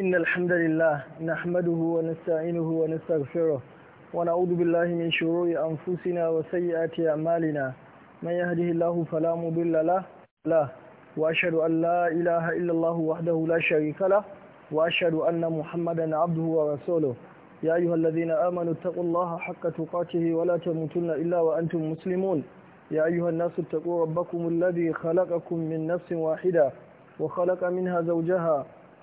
إن الحمد لله نحمده ونستعينه ونستغفره ونعوذ بالله من شرور أنفسنا وسيئات أعمالنا من يهده الله فلا مضل له لا وأشهد أن لا إله إلا الله وحده لا شريك له وأشهد أن محمدا عبده ورسوله يا أيها الذين آمنوا اتقوا الله حق تقاته ولا تموتن إلا وأنتم مسلمون يا أيها الناس اتقوا ربكم الذي خلقكم من نفس واحدة وخلق منها زوجها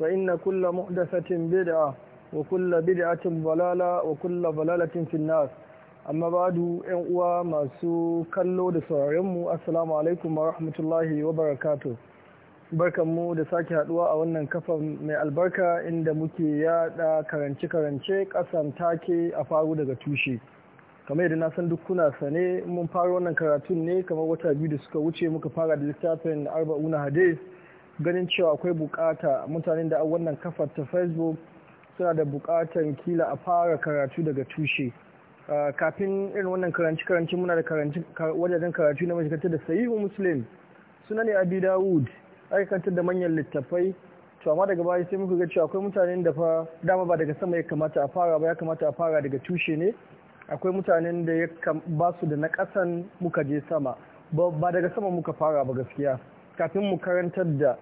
فإن كل محدثة بدعة وكل بدعة ضلالة وكل ضلالة في الناس amma ba du yan uwa masu kallo da saurarenmu assalamu alaikum wa rahmatullahi wa barakatu barkanmu da sake haduwa a wannan kafa mai albarka inda muke yada karance-karance kasan take a faru daga tushe kamar yadda na san duk kuna sane mun fara wannan karatun ne kamar wata biyu da suka wuce muka fara da littafin arba'una hadis ganin cewa akwai bukata mutanen da wannan kafar ta facebook suna da bukatan kila a fara karatu daga tushe kafin irin wannan karanci karanci muna da wajajen karatu na mashikantar da sahihu muslim suna ne abi dawud aikatar da manyan littafai to amma daga baya sai muka ga cewa akwai mutanen da fa dama ba daga sama ya kamata a fara ba ya kamata a fara daga tushe ne akwai mutanen da ya ba su da na kasan muka je sama ba daga sama muka fara ba gaskiya kafin mu karantar da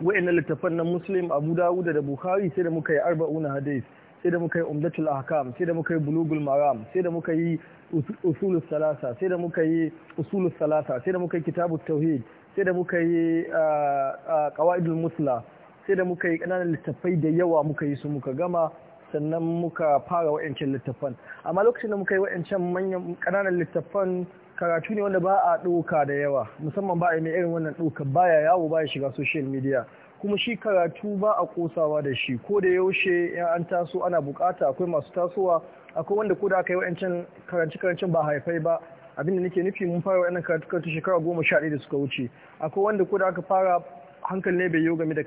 wa'annan littafan na muslim abu dawuda da bukhari sai da muka yi arba'una hadis sai da muka yi umdatul ahkam sai da muka yi bulugul maram sai da muka yi Usulus salasa sai da muka yi Usulus salasa sai da muka yi kitabut tauhid sai da muka yi qawaidul musla sai da muka yi kananan littafai da yawa muka yi su muka gama sannan muka fara wa'ancan littafan amma lokacin da muka yi can manyan kananan littafan karatu ne wanda ba a ɗauka da yawa musamman ba a yi mai irin wannan ɗauka baya yawo baya shiga social media kuma shi karatu ba a kosawa da shi ko da yaushe in an taso ana bukata akwai masu tasowa akwai wanda ko da aka yi wa'ancan karanci karancin ba haifai ba abinda nake nufi mun fara wa'annan karatu karatu shekara goma sha ɗaya da suka wuce akwai wanda ko da aka fara hankali ne bai yi game da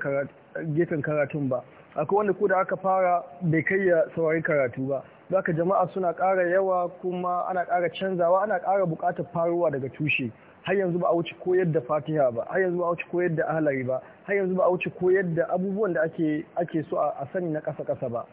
gefen karatun ba akwai wanda ko da aka fara bai kai ya saurari karatu ba Zaka jama'a suna kara yawa kuma ana kara canzawa ana kara bukatar faruwa daga tushe. har yanzu ba a wuce koyar da fatiha ba har yanzu ba a wuce koyar da ahlari ba har yanzu ba a wuce koyar da abubuwan da ake ake so a sani na ƙasa ƙasa ba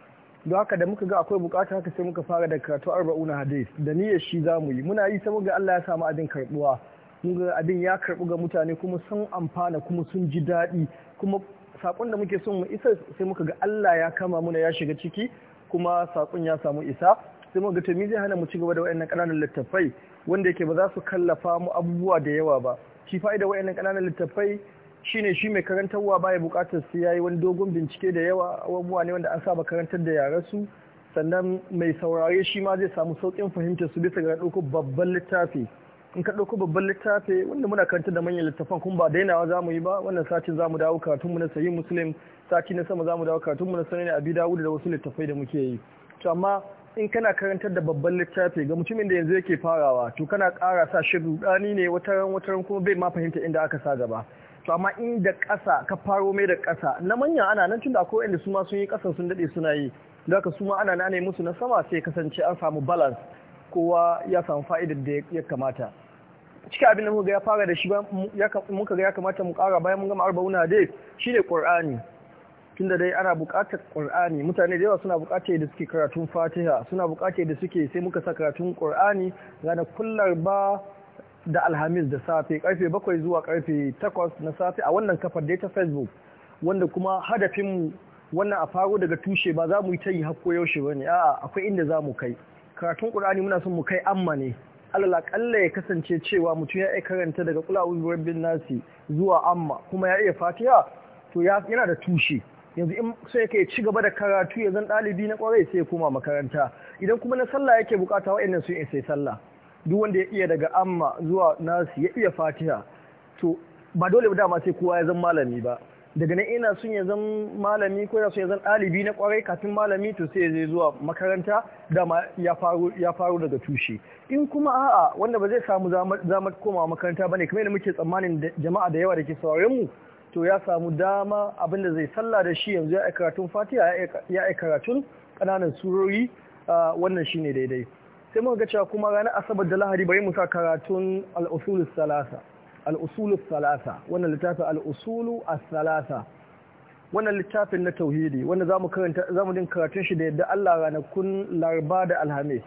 don haka da muka ga akwai bukatar haka sai muka fara da karatu arba'u na hadis da niyyar shi za mu yi muna yi saboda Allah ya samu abin karbuwa mun ga abin ya karbu ga mutane kuma sun amfana kuma sun ji daɗi kuma sakon da muke son mu isa sai muka ga Allah ya kama muna ya shiga ciki kuma sakon ya samu isa sai mu ga zai hana mu ci gaba da wayannan kananan littafai wanda yake ba za su kallafa mu abubuwa da yawa ba shi fa'ida wayannan kananan littafai shine shi mai karantarwa baya bukatar sai yayi wani dogon bincike da yawa abubuwa ne wanda an saba karantar da yaran su sannan mai saurare shi ma zai samu sauƙin fahimtar su bisa ga ɗauko babban littafi in ka ɗauko babban littafi wanda muna karanta da manyan littafan kuma ba dainawa za mu yi ba wannan satin za mu dawo karatunmu na sayi muslim sati na sama za mu dawo karatunmu na sanani abi dawud da wasu littafai da muke yi to amma in kana karantar da babban littafi ga mutumin da yanzu yake farawa to kana ƙara sa shi rudani ne wataran wataran kuma bai ma fahimta inda aka sa gaba to amma in da ƙasa ka faro mai da ƙasa na manya ana nan tunda akwai inda su ma sun yi ƙasan sun daɗe suna yi don haka su ma ana nane musu na sama sai kasance an samu balance kowa ya samu fa'idar da ya kamata cikin abin da muka ga ya fara da shi ba muka ga ya kamata mu kara bayan mun gama arba'una dai shi ne qur'ani tunda dai ana buƙatar ƙur'ani mutane da yawa suna buƙatar da suke karatun fatiha suna buƙatar da suke sai muka sa karatun ƙur'ani gane kullar ba da alhamis da safe karfe bakwai zuwa karfe takwas na safe a wannan kafar da ta facebook wanda kuma hadafin wannan a faro daga tushe ba za mu yi ta yi hakko yaushe ba ne a'a akwai inda za mu kai karatun ƙurani muna son mu kai amma ne alalakalla ya kasance cewa mutum ya iya karanta daga kulawun rabbin nasi zuwa amma kuma ya iya fatiha to yana da tushe yanzu in sai ka ci gaba da karatu ya zan ɗalibi na kwarai sai ya koma makaranta idan kuma na sallah yake bukata su sun sai sallah duk wanda ya iya daga amma zuwa nasi ya iya fatiha to ba dole dama sai kowa ya zan malami ba daga nan ina sun ya zan malami ko ya sun ya zan ɗalibi na kwarai kafin malami to sai zai zuwa makaranta dama ya faru ya faru daga tushe in kuma a'a wanda ba zai samu zama koma makaranta bane kamar yadda muke tsammanin jama'a da yawa da ke sauraron mu to ya samu dama abinda zai sallah da shi yanzu ya yi karatun fatiha ya yi karatun ƙananan surori wannan shine daidai sai muka ga cewa kuma ranar asabar da lahadi bari mu sa karatun al-usul salasa al'usulu salasa wannan littafin al'usulu a salasa wannan littafin na tauhidi wanda za mu din karatun shi da yadda Allah ranakun larba da alhamis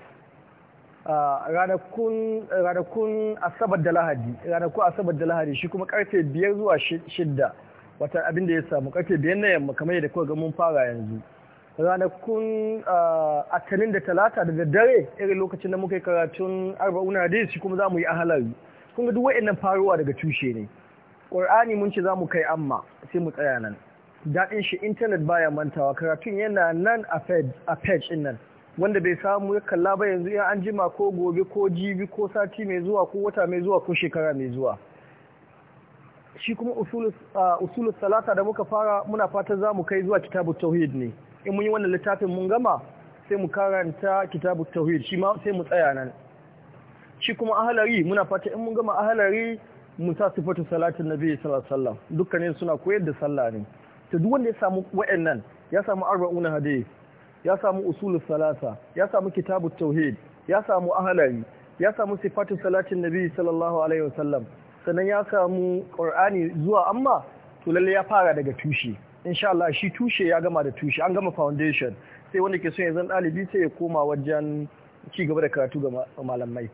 ranakun asabar da lahadi ranakun asabar da lahadi shi kuma karfe biyar zuwa shidda wata abin da ya samu karfe biyar na yamma kamar yadda kuka ga mun fara yanzu ranakun atanin da talata da daddare irin lokacin da muka yi karatun arba'una hadis shi kuma za mu yi ahalari kun ga duk wa'annan faruwa daga tushe ne ƙur'ani mun ce za mu kai amma sai mu tsaya nan daɗin shi intanet baya mantawa karatun yana nan a page ɗin nan wanda bai samu ya kalla ba yanzu ya an jima ko gobe ko jibi ko sati mai zuwa ko wata mai zuwa ko shekara mai zuwa shi kuma Usulun salata da muka fara muna fatan za mu kai zuwa kitabu tauhid ne in mun yi wannan littafin mun gama sai mu karanta kitabu tauhid shi ma sai mu tsaya nan shi kuma ahalari muna fata in mun gama ahalari mun sa sifatu salatin nabi sallallahu alaihi wasallam dukkanin suna koyar da sallah ne to duk wanda ya samu nan ya samu arba'una hadith ya samu usulul salasa ya samu kitabut tauhid ya samu ahalari ya samu sifatu salatin nabi sallallahu alaihi wasallam sannan ya samu qur'ani zuwa amma to lalle ya fara daga tushe insha Allah shi tushe ya gama da tushe an gama foundation sai wanda ke so ya zan dalibi sai ya koma wajen ci gaba da karatu ga malamai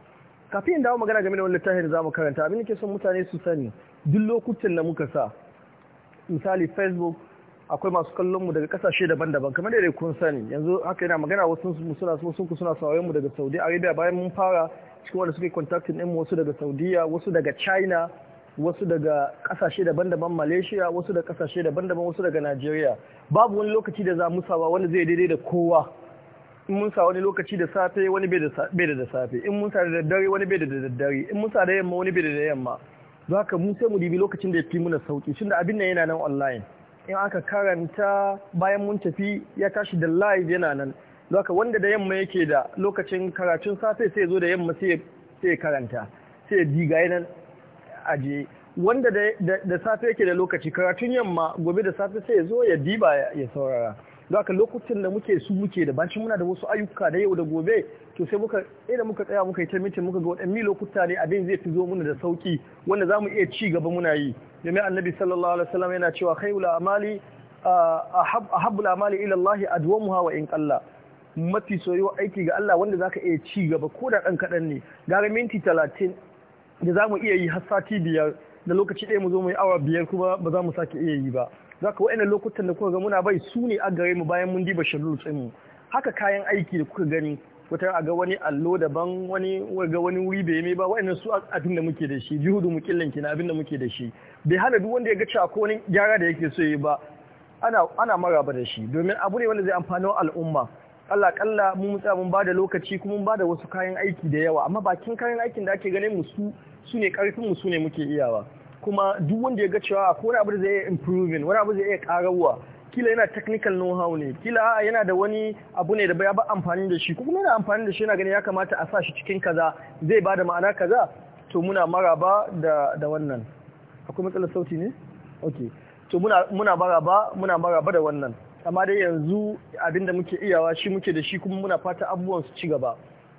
kafin dawo magana game da wani littafin da zamu karanta abin da ke son mutane su sani duk lokutan da muka sa misali facebook akwai masu kallon mu daga kasashe daban-daban kamar da kun sani yanzu haka yana magana wasu mu suna sun ku suna mu daga Saudi Arabia bayan mun fara cikin wanda suke contacting din wasu daga Saudiya wasu daga China wasu daga kasashe daban-daban Malaysia wasu daga kasashe daban-daban wasu daga Nigeria babu wani lokaci da za mu sawa wanda zai daidai da kowa in mun sa wani lokaci da safe wani bai da da safe in mun sa da daddare wani bai da daddare in mun sa da yamma wani bai da yamma za ka mun sai mu dibi lokacin da ya fi muna sauki tun da abin nan yana nan online in aka karanta bayan mun tafi ya tashi da live yana nan za ka wanda da yamma yake da lokacin karatun safe sai ya zo da yamma sai ya karanta sai ya diga yanan aje wanda da safe yake da lokaci karatun yamma gobe da safe sai ya zo ya diba ya saurara don haka lokacin da muke su muke da bacin muna da wasu ayyuka da yau da gobe to sai muka ina muka tsaya muka yi ta muka ga waɗanne lokuta ne abin zai fi zo muna da sauki wanda za mu iya ci gaba muna yi domin annabi sallallahu alaihi wasallam yana cewa khairul amali ahabbul amali ila Allah adwamuha wa in qalla mafi soyuwa aiki ga Allah wanda zaka iya ci gaba ko da dan kadan ne gara minti 30 da zamu iya yi har sati biyar da lokaci ɗaya mu zo mu yi awa biyar kuma ba za mu sake iya yi ba za ka wa'ina lokutan da kuka ga muna bai su ne a gare mu bayan mun diba shallul tsimu haka kayan aiki da kuka gani wata a ga wani allo daban wani ga wani wuri bai mai ba wa'annan su abin da muke da shi juhudu mu killan na abin da muke da shi bai hana duk wanda ya ga cewa ko wani gyara da yake so yi ba ana ana maraba da shi domin abu ne wanda zai wa al'umma Allah kalla mun mutsa mun bada lokaci kuma mun bada wasu kayan aiki da yawa amma bakin kayan aikin da ake ganin mu su su ne karfin mu su ne muke iyawa kuma duk wanda ya ga cewa ko wani abu da zai improving wani abu zai iya karawa kila yana technical know-how ne kila yana da wani abu ne da bai ba amfani da shi kuma yana amfani da shi yana gani ya kamata a sa shi cikin kaza zai ba da ma'ana kaza to muna maraba da da wannan akwai matsalar sauti ne okay to muna muna maraba muna maraba da wannan amma dai yanzu abinda muke iyawa shi muke da shi kuma muna fata abubuwan su ci gaba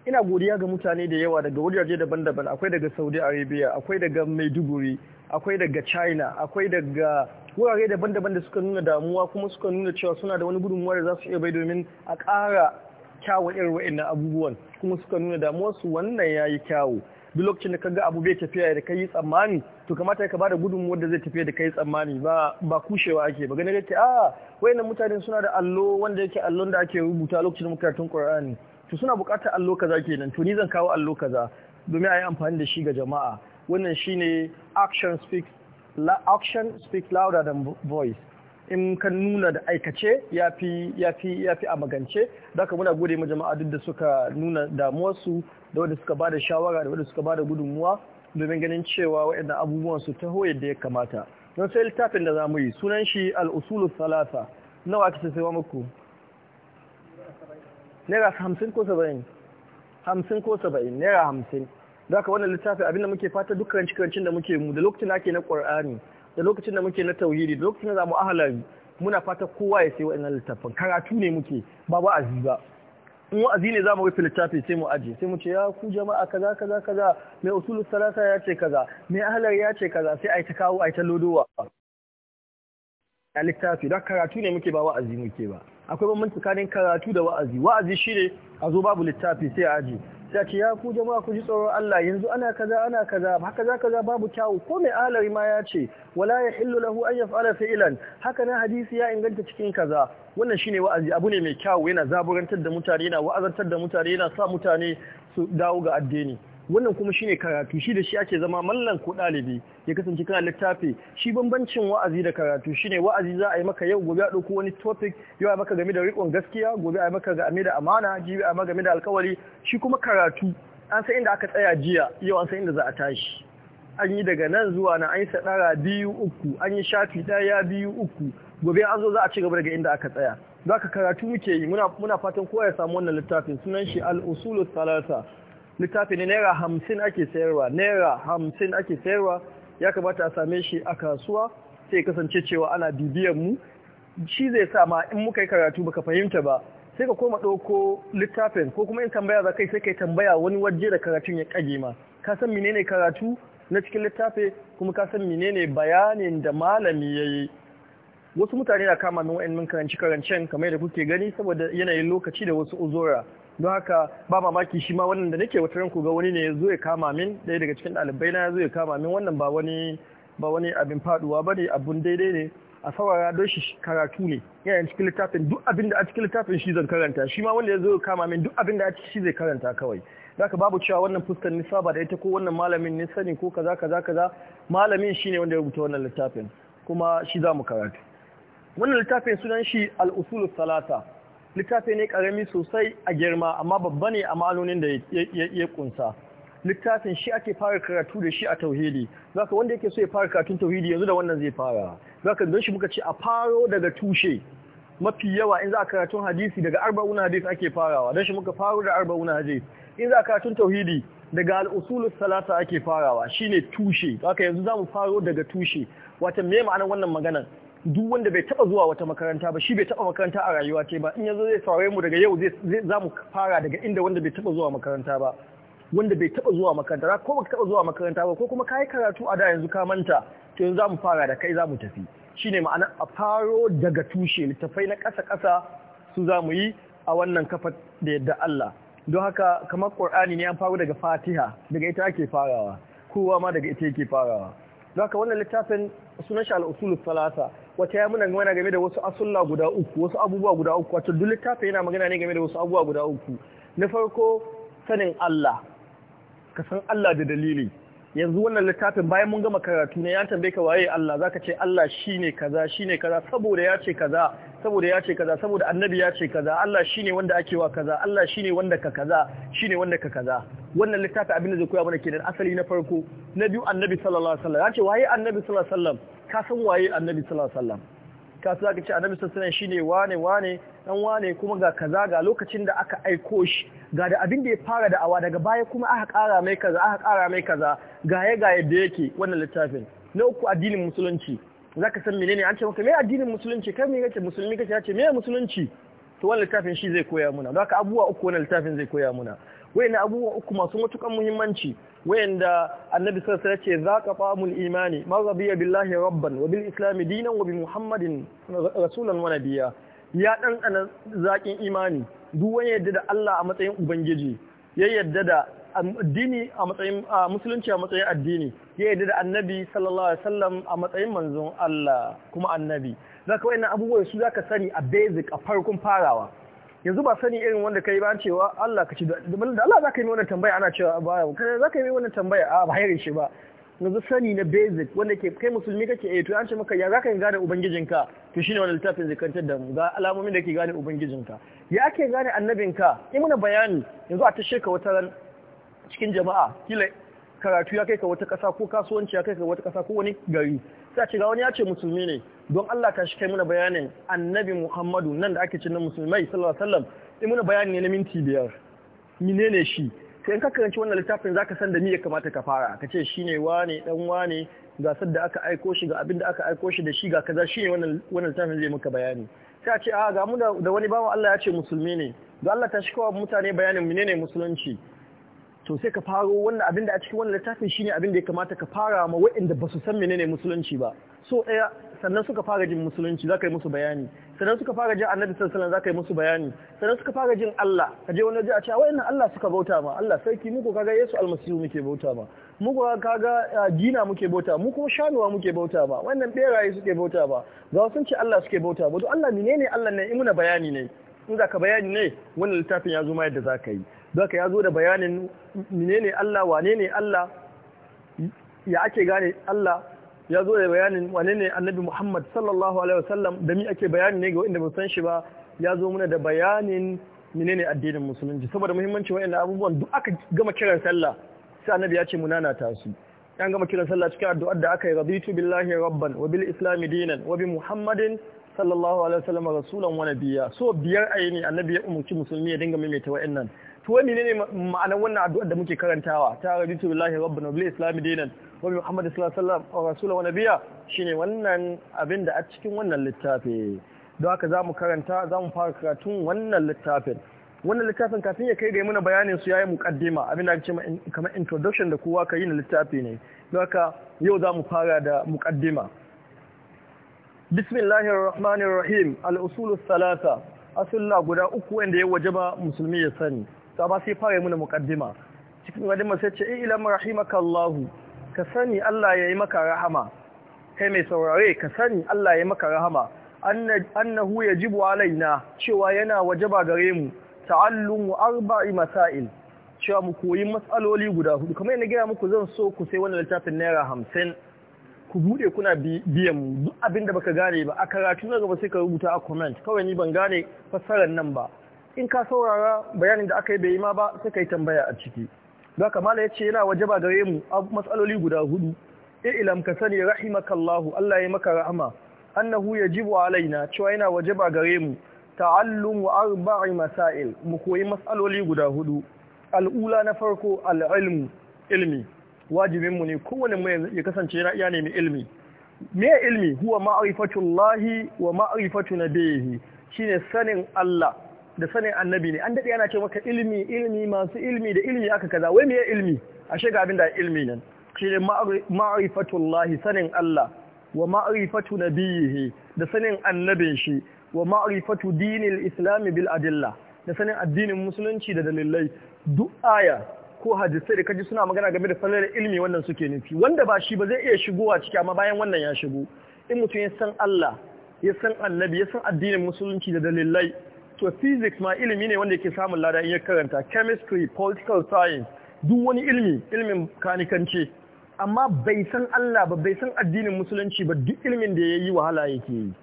ina godiya ga mutane da yawa daga wajaje daban-daban akwai daga saudi arabia akwai daga maiduguri akwai daga china akwai daga wurare daban-daban da suka nuna damuwa kuma suka nuna cewa suna da wani gudunmuwa da za su iya bai domin a ƙara kyawun irin na abubuwan kuma suka nuna su wannan ya yi kyawu duk lokacin da kaga abu bai tafiya da kai tsammani to kamata ka bada gudunmuwar da zai tafiya da kai tsammani ba kushewa ake ba ganin yake a ah, wayannan mutane suna da allo wanda yake allon da ake rubuta lokacin karatun Qur'ani to suna bukatar allo kaza kenan to ni zan kawo allo kaza domin a yi amfani da shi ga jama'a wannan shine action speaks action speaks louder than voice in ka nuna da aikace ya fi a magance da ka muna gode ma jama'a duk da suka nuna su da wanda suka bada shawara da wanda suka da gudunmuwa domin ganin cewa waɗanda abubuwan su taho yadda ya kamata don sai littafin da za mu yi sunan shi al-usulu salasa nawa aka sai muku naira hamsin ko saba'in hamsin ko saba'in naira hamsin za haka wannan littafi abinda muke fata duk karanci karancin da muke mu da lokacin ake na ƙwar'ani da lokacin da muke na tauhiri, da lokacin da zamu ahalari muna fata kowa ya sai wa'annan littafin karatu ne muke ba wa'azi ba in wa'azi ne zamu rufe littafi sai mu aje sai mu ce ya ku jama'a kaza kaza kaza mai usulu salasa ya ce kaza mai ahalar ya ce kaza sai a yi ta kawo a yi ta lodowa a littafi don karatu ne muke ba wa'azi muke ba akwai bambanci tsakanin karatu da wa'azi wa'azi shine a zo babu littafi sai a aji sai ce ya ku jama'a ku ji tsoron Allah yanzu ana kaza ana kaza haka za kaza babu kyawu ko mai alari ma ya ce wala ya hillu lahu an yaf'ala fi'lan haka na hadisi ya inganta cikin kaza wannan shine wa'azi abu ne mai kyawu yana zaburantar da mutane yana wa'azantar da mutane yana sa mutane su dawo ga addini wannan kuma shine karatu shi da shi ake zama mallan ko ɗalibi ya kasance kana littafi shi bambancin wa'azi da karatu shine wa'azi za a yi maka yau gobe a ɗauko wani topic yau a maka game da riƙon gaskiya gobe a maka game da amana jibi a maka game da alƙawari shi kuma karatu an san inda aka tsaya jiya yau an san inda za a tashi an yi daga nan zuwa na an yi sadara biyu uku an yi shafi daya biyu uku gobe an zo za a ci gaba daga inda aka tsaya za ka karatu muke yi muna fatan kowa ya samu wannan littafin sunan shi al-usulu salasa littafi ne naira hamsin ake sayarwa naira hamsin ake sayarwa ya kamata a same shi a kasuwa sai kasance cewa ana bibiyar mu shi zai sa ma in muka yi karatu baka fahimta ba sai ka koma ɗauko littafin ko kuma in tambaya za kai sai ka tambaya wani waje da karatun ya kage ma ka san menene karatu na cikin littafi kuma ka san menene bayanin da malami ya yi wasu mutane na kama min min karance karancen kamar da kuke gani saboda yanayin lokaci da wasu uzura don haka ba mamaki shi ma wannan da nake wata ranku ga wani ne ya zo ya kama min ɗaya daga cikin dalibai na ya zo ya kama min wannan ba wani ba abin faduwa ba ne abun daidai ne a saurara don shi karatu ne yana cikin littafin duk abin da a cikin littafin shi zan karanta shi ma wanda ya zo ya kama min duk abin da a cikin shi zai karanta kawai zaka babu cewa wannan fuskar nisa saba da ita ko wannan malamin ne sani ko kaza kaza kaza malamin shine wanda ya rubuta wannan littafin kuma shi za mu karatu wannan littafin sunan shi al-usulus salata littafi ne karami sosai a girma amma babba ne a ma'anonin da ya kunsa littafin shi ake fara karatu da shi a tauhidi zaka wanda yake so ya fara karatun tauhidi yanzu da wannan zai fara zaka don shi muka ce a faro daga tushe mafi yawa in za a karatun hadisi daga arba'un hadis ake farawa don shi muka faro da arba'un hadis in za a karatun tauhidi daga al'usulus salata ake farawa shine tushe haka yanzu za mu faro daga tushe wata me ma'anar wannan maganar duk wanda bai taba zuwa wata makaranta ba shi bai taba makaranta a rayuwa ce ba in yazo zai saurare mu daga yau zai za mu fara daga inda wanda bai taba zuwa makaranta ba wanda bai taba zuwa makaranta ko baka taba zuwa makaranta ba ko kuma kai karatu a da yanzu ka manta to yanzu za mu fara da kai za mu tafi shine ma'ana a faro daga tushe littafai na ƙasa ƙasa su za mu yi a wannan kafa da yadda Allah don haka kamar Qur'ani ne an faro daga Fatiha daga ita ake farawa kowa ma daga ita yake farawa don haka wannan littafin sunan shi al-usul salasa wata ya muna magana game da wasu asulla guda uku wasu abubuwa guda uku wato duk littafi yana magana ne game da wasu abubuwa guda uku na farko sanin Allah ka san Allah da dalili yanzu wannan littafin bayan mun gama karatu ne ya tambaye ka waye Allah zaka ce Allah shine kaza shine kaza saboda ya ce kaza saboda ya ce kaza saboda annabi ya ce kaza Allah shine wanda ake wa kaza Allah shine wanda ka kaza shine wanda ka kaza wannan littafin abin da zai koya mana kenan asali na farko na biyu annabi sallallahu alaihi wasallam ya ce waye annabi sallallahu alaihi wasallam ka san waye annabi sallallahu alaihi wasallam ka su zaka ce annabi sassanin shi shine wane wane dan wane kuma ga kaza ga lokacin da aka aiko shi ga da abin da ya fara da awa daga baya kuma aka kara mai kaza aka kara mai kaza ga ya ga yadda yake wannan littafin na uku addinin musulunci zaka san menene an ce maka me addinin musulunci kai me kace musulmi kace ya ce me musulunci to wannan littafin shi zai koya muna don haka abubuwa uku wannan littafin zai koya muna wayannan abubuwa uku masu matukan muhimmanci wayanda annabi sallallahu alaihi wasallam ce zaka famul imani ma rabiya billahi rabban wa bil islami dinan wa bi muhammadin rasulan wa nabiyya ya dan ana zakin imani duk wanda yadda da Allah a matsayin ubangiji ya yadda da addini a matsayin musulunci a matsayin addini ya yadda da annabi sallallahu alaihi wasallam a matsayin manzon Allah kuma annabi zaka wayannan abubuwa su zaka sani a basic a farkon farawa yanzu ba sani irin wanda kai ba cewa Allah ka ci da Allah zaka yi wannan tambaya ana cewa ba kai zaka yi wannan tambaya a ba haire shi ba yanzu sani na basic wanda ke kai musulmi kake eh to an ce maka ya zaka gane ubangijinka to shine wani littafin zikantar da mu ga alamomin da ke gane ubangijinka ya ake gane annabinka in muna bayani yanzu a tashe ka wata ran cikin jama'a kila karatu ya kai ka wata ƙasa ko kasuwanci ya kai ka wata ƙasa ko wani gari sai a ce ga wani ya ce musulmi ne don Allah ta shi kai muna bayanin annabi Muhammadu nan da ake cin na musulmai sallallahu alaihi wasallam sai muna bayani ne na minti biyar menene shi sai in ka karanci wannan littafin zaka san da me ya kamata ka fara ka ce shine wane dan wane ga da aka aiko shi ga abin da aka aiko shi da shi ga kaza shine wannan wannan littafin zai maka bayani sai a ce a ah, ga mu da wani bawa Allah ya ce musulmi ne don Allah ta shi kawo mutane bayanin menene musulunci to sai ka faro wannan abin da a cikin wannan littafin shine abin da ya kamata ka fara ma waɗanda ba su san menene musulunci ba so ɗaya sannan suka fara jin musulunci za ka yi musu bayani sannan suka fara jin annabi sallallahu za ka yi musu bayani sannan suka fara jin Allah ka je wani waje a ce wayannan Allah suka bauta ma Allah sarki muku kaga Yesu almasihu muke bauta ma muku kaga gina muke bauta mu kuma shanuwa muke bauta ma wannan beraye suke bauta ba ga sun ce Allah suke bauta ba to Allah menene Allah ne imuna bayani ne in za ka bayani ne wannan littafin ya zo ma yadda za ka yi Zaka ya zo da bayanin menene Allah wane ne Allah ya ake gane Allah ya zo da bayanin wane ne annabi Muhammad sallallahu alaihi wasallam da mi ake bayani ne ga wanda ba san shi ba ya zo muna da bayanin menene addinin musulunci saboda muhimmanci wayannan abubuwan duk aka gama kiran sallah sai annabi ya ce munana ta su an gama kiran sallah cikin addu'ar da aka yi raditu billahi rabban wa bil islami dinan wa bi muhammadin sallallahu alaihi wasallam rasulan wa nabiyya so biyar ayi ne annabi ya umurci musulmi ya dinga maimaita wayannan to wai menene ma'anar wannan addu'ar da muke karantawa ta rajitu billahi na bil islami dinan wa muhammad sallallahu alaihi wasallam wa rasulahu wa nabiyya shine wannan abin da a cikin wannan littafi don haka zamu karanta zamu fara karatun wannan littafin wannan littafin kafin ya kai ga muna bayanin su yayi muqaddima abin da ake kamar introduction da kowa ka yi na littafi ne don haka yau zamu fara da muqaddima bismillahir rahmanir rahim al usulus thalatha asulla guda uku wanda ya wajaba musulmi ya sani to ba sai fara muna mukaddima cikin muqaddima sai ce eh, ilam rahimakallahu ka sani Allah yayi maka rahama kai mai saurare ka sani Allah yayi maka rahama annahu yajibu alaina cewa yana waje ba gare mu ta'allum arba'i masail cewa mu koyi matsaloli guda hudu kamar yana gaya muku zan so ku sai wannan littafin naira hamsin ku bude kuna biyan mu duk abin baka gane ba a karatu na gaba sai ka rubuta a comment kawai ni ban gane fassarar nan ba in ka saurara bayanin da aka yi bai yi ma ba sai ka yi tambaya a ciki don kamala ya ce yana wajaba gare mu matsaloli guda hudu e, ilam ka sani rahimakallahu Allah ya maka rahama annahu yajibu alaina cewa yana wajaba gare mu wa arba'i masail mu koyi matsaloli guda hudu al'ula na farko al'ilmu ilmi wajibin mu ne kowane mu ya kasance yana iya nemi ilmi me ilmi huwa ma'rifatullahi wa ma'rifatu nabiyhi shine sanin Allah da sanin annabi ne an daɗe yana ce maka Ilimi, ilmi masu ilmi da ilmi aka kaza wai meye ilmi a shiga abin da ilmi nan shi ne ma'rifatullahi sanin Allah wa ma'rifatu nabiyhi da sanin annabin shi wa ma'rifatu dinil islam bil adilla da sanin addinin musulunci da dalilai duk aya ko hadisai da kaji suna magana game da falalar ilmi wannan suke nufi wanda ba shi ba zai iya shigowa ciki amma bayan wannan ya shigo in mutum ya san Allah ya san annabi ya san addinin musulunci da dalilai to physics ma ilimi ne wanda yake samun lada in ya karanta chemistry political science duk wani ilimi ilimin kanikanci amma bai san Allah ba bai san addinin musulunci ba duk ilimin da yayi wahala yake yi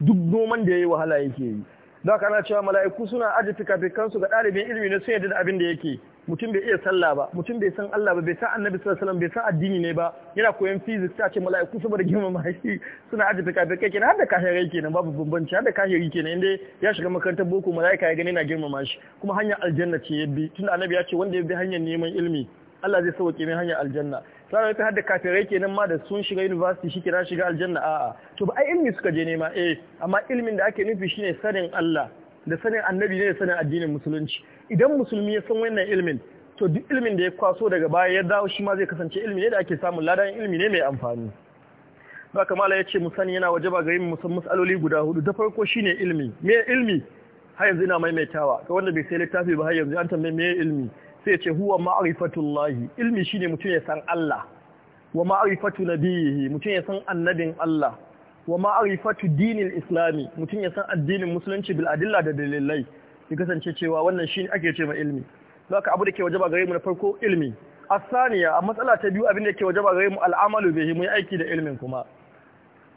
duk noman da yayi wahala yake yi haka ana cewa mala'iku suna fika-fikansu ga ɗalibin ilimi ne sun yadda da abin da yake mutum bai iya sallah ba mutum bai san Allah ba bai san annabi sallallahu alaihi wasallam bai san addini ne ba yana koyon physics ta ce mala'iku saboda girmama shi suna aje fikafikai kenan har da kafirai kenan babu bambanci har da rai kenan inda ya shiga makarantar boko mala'ika ya gane na girmama shi kuma hanyar aljanna ce yabbi tunda annabi ya ce wanda ya bi hanyar neman ilimi Allah zai sauke mai hanyar aljanna sai da hadda kafirai kenan ma da sun shiga university shi kira shiga aljanna a'a to ba ai ilmi suka je nema eh amma ilimin da ake nufi shine sanin Allah da sanin annabi ne da sanin addinin musulunci idan musulmi ya san wannan ilmin to duk ilmin da ya kwaso daga baya ya dawo shi ma zai kasance ilimi ne da ake samun ladan ilimi ne mai amfani ba kamala ya ce musani yana wajaba ga yin san mas'aloli guda hudu da farko shine ilmi me ilmi har yanzu ina maimaitawa ga wanda bai sai littafi ba har yanzu an tambaye me ilimi sai ya ce huwa ma'rifatullahi ilimi shine mutum ya san Allah wa ma'rifatu nabiyhi mutum ya san annabin Allah wa ma'arifatu dinil islami mutum ya san addinin musulunci bil adilla da dalilai ya kasance cewa wannan shi ake ce ma ilmi ka abu da ke waje ba gare mu na farko ilmi asaniya a matsala ta biyu abin da ke waje ba gare mu al'amalu bihi mu yi aiki da ilmin kuma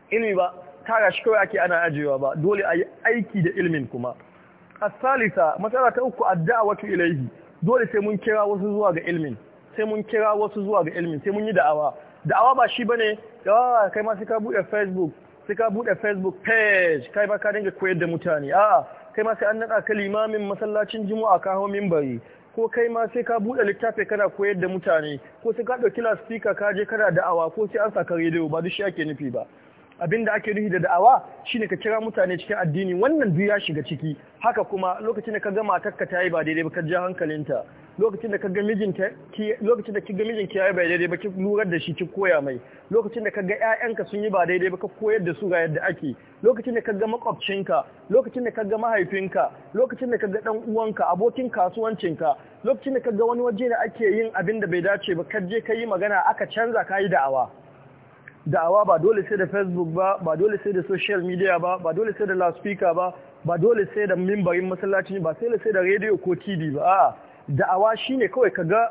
ilmi ba tara shi kawai ake ana ajiyewa ba dole a yi aiki da ilmin kuma asalisa matsala ta uku adda'awatu ilaihi dole sai mun kira wasu zuwa ga ilmin sai mun kira wasu zuwa ga ilmin sai mun yi da'awa da'awa ba shi ba ne yawa ah, kai ma sai ka buɗe facebook sai ka buɗe facebook page kai ba ka dinga koyar da mutane a kai ma sai an naɗa ka limamin masallacin juma'a ka hawo minbari ko kai ma sai ka buɗe littafi kana koyar da mutane ko sai ka ɗauki lasfika ka je kana da'awa ko sai an saka rediyo ba duk shi ake nufi ba Abin da ake nufi da da'awa shine ka kira mutane cikin addini wannan duk ya shiga ciki haka kuma lokacin da ka ga matarka ta yi ba daidai ba ka ja hankalinta lokacin da ka ga mijinta lokacin da ga mijinki yi ba daidai ba ki lura da shi ki koya mai lokacin da ka ga ƴaƴanka sun yi ba daidai ba ka koyar da su ga yadda ake lokacin da ka ga makwabcinka lokacin da ka ga mahaifinka lokacin da ka ga dan uwanka abokin kasuwancinka lokacin da ka ga wani waje da ake yin abin da bai dace ba ka je ka yi magana aka canza ka yi da'awa da'awa ba dole sai da facebook ba ba dole sai da social media ba ba dole sai da loudspeaker ba ba dole sai da mimbarin masallaci ba sai sai da radio ko tv ba a'a da'awa shine kawai ka ga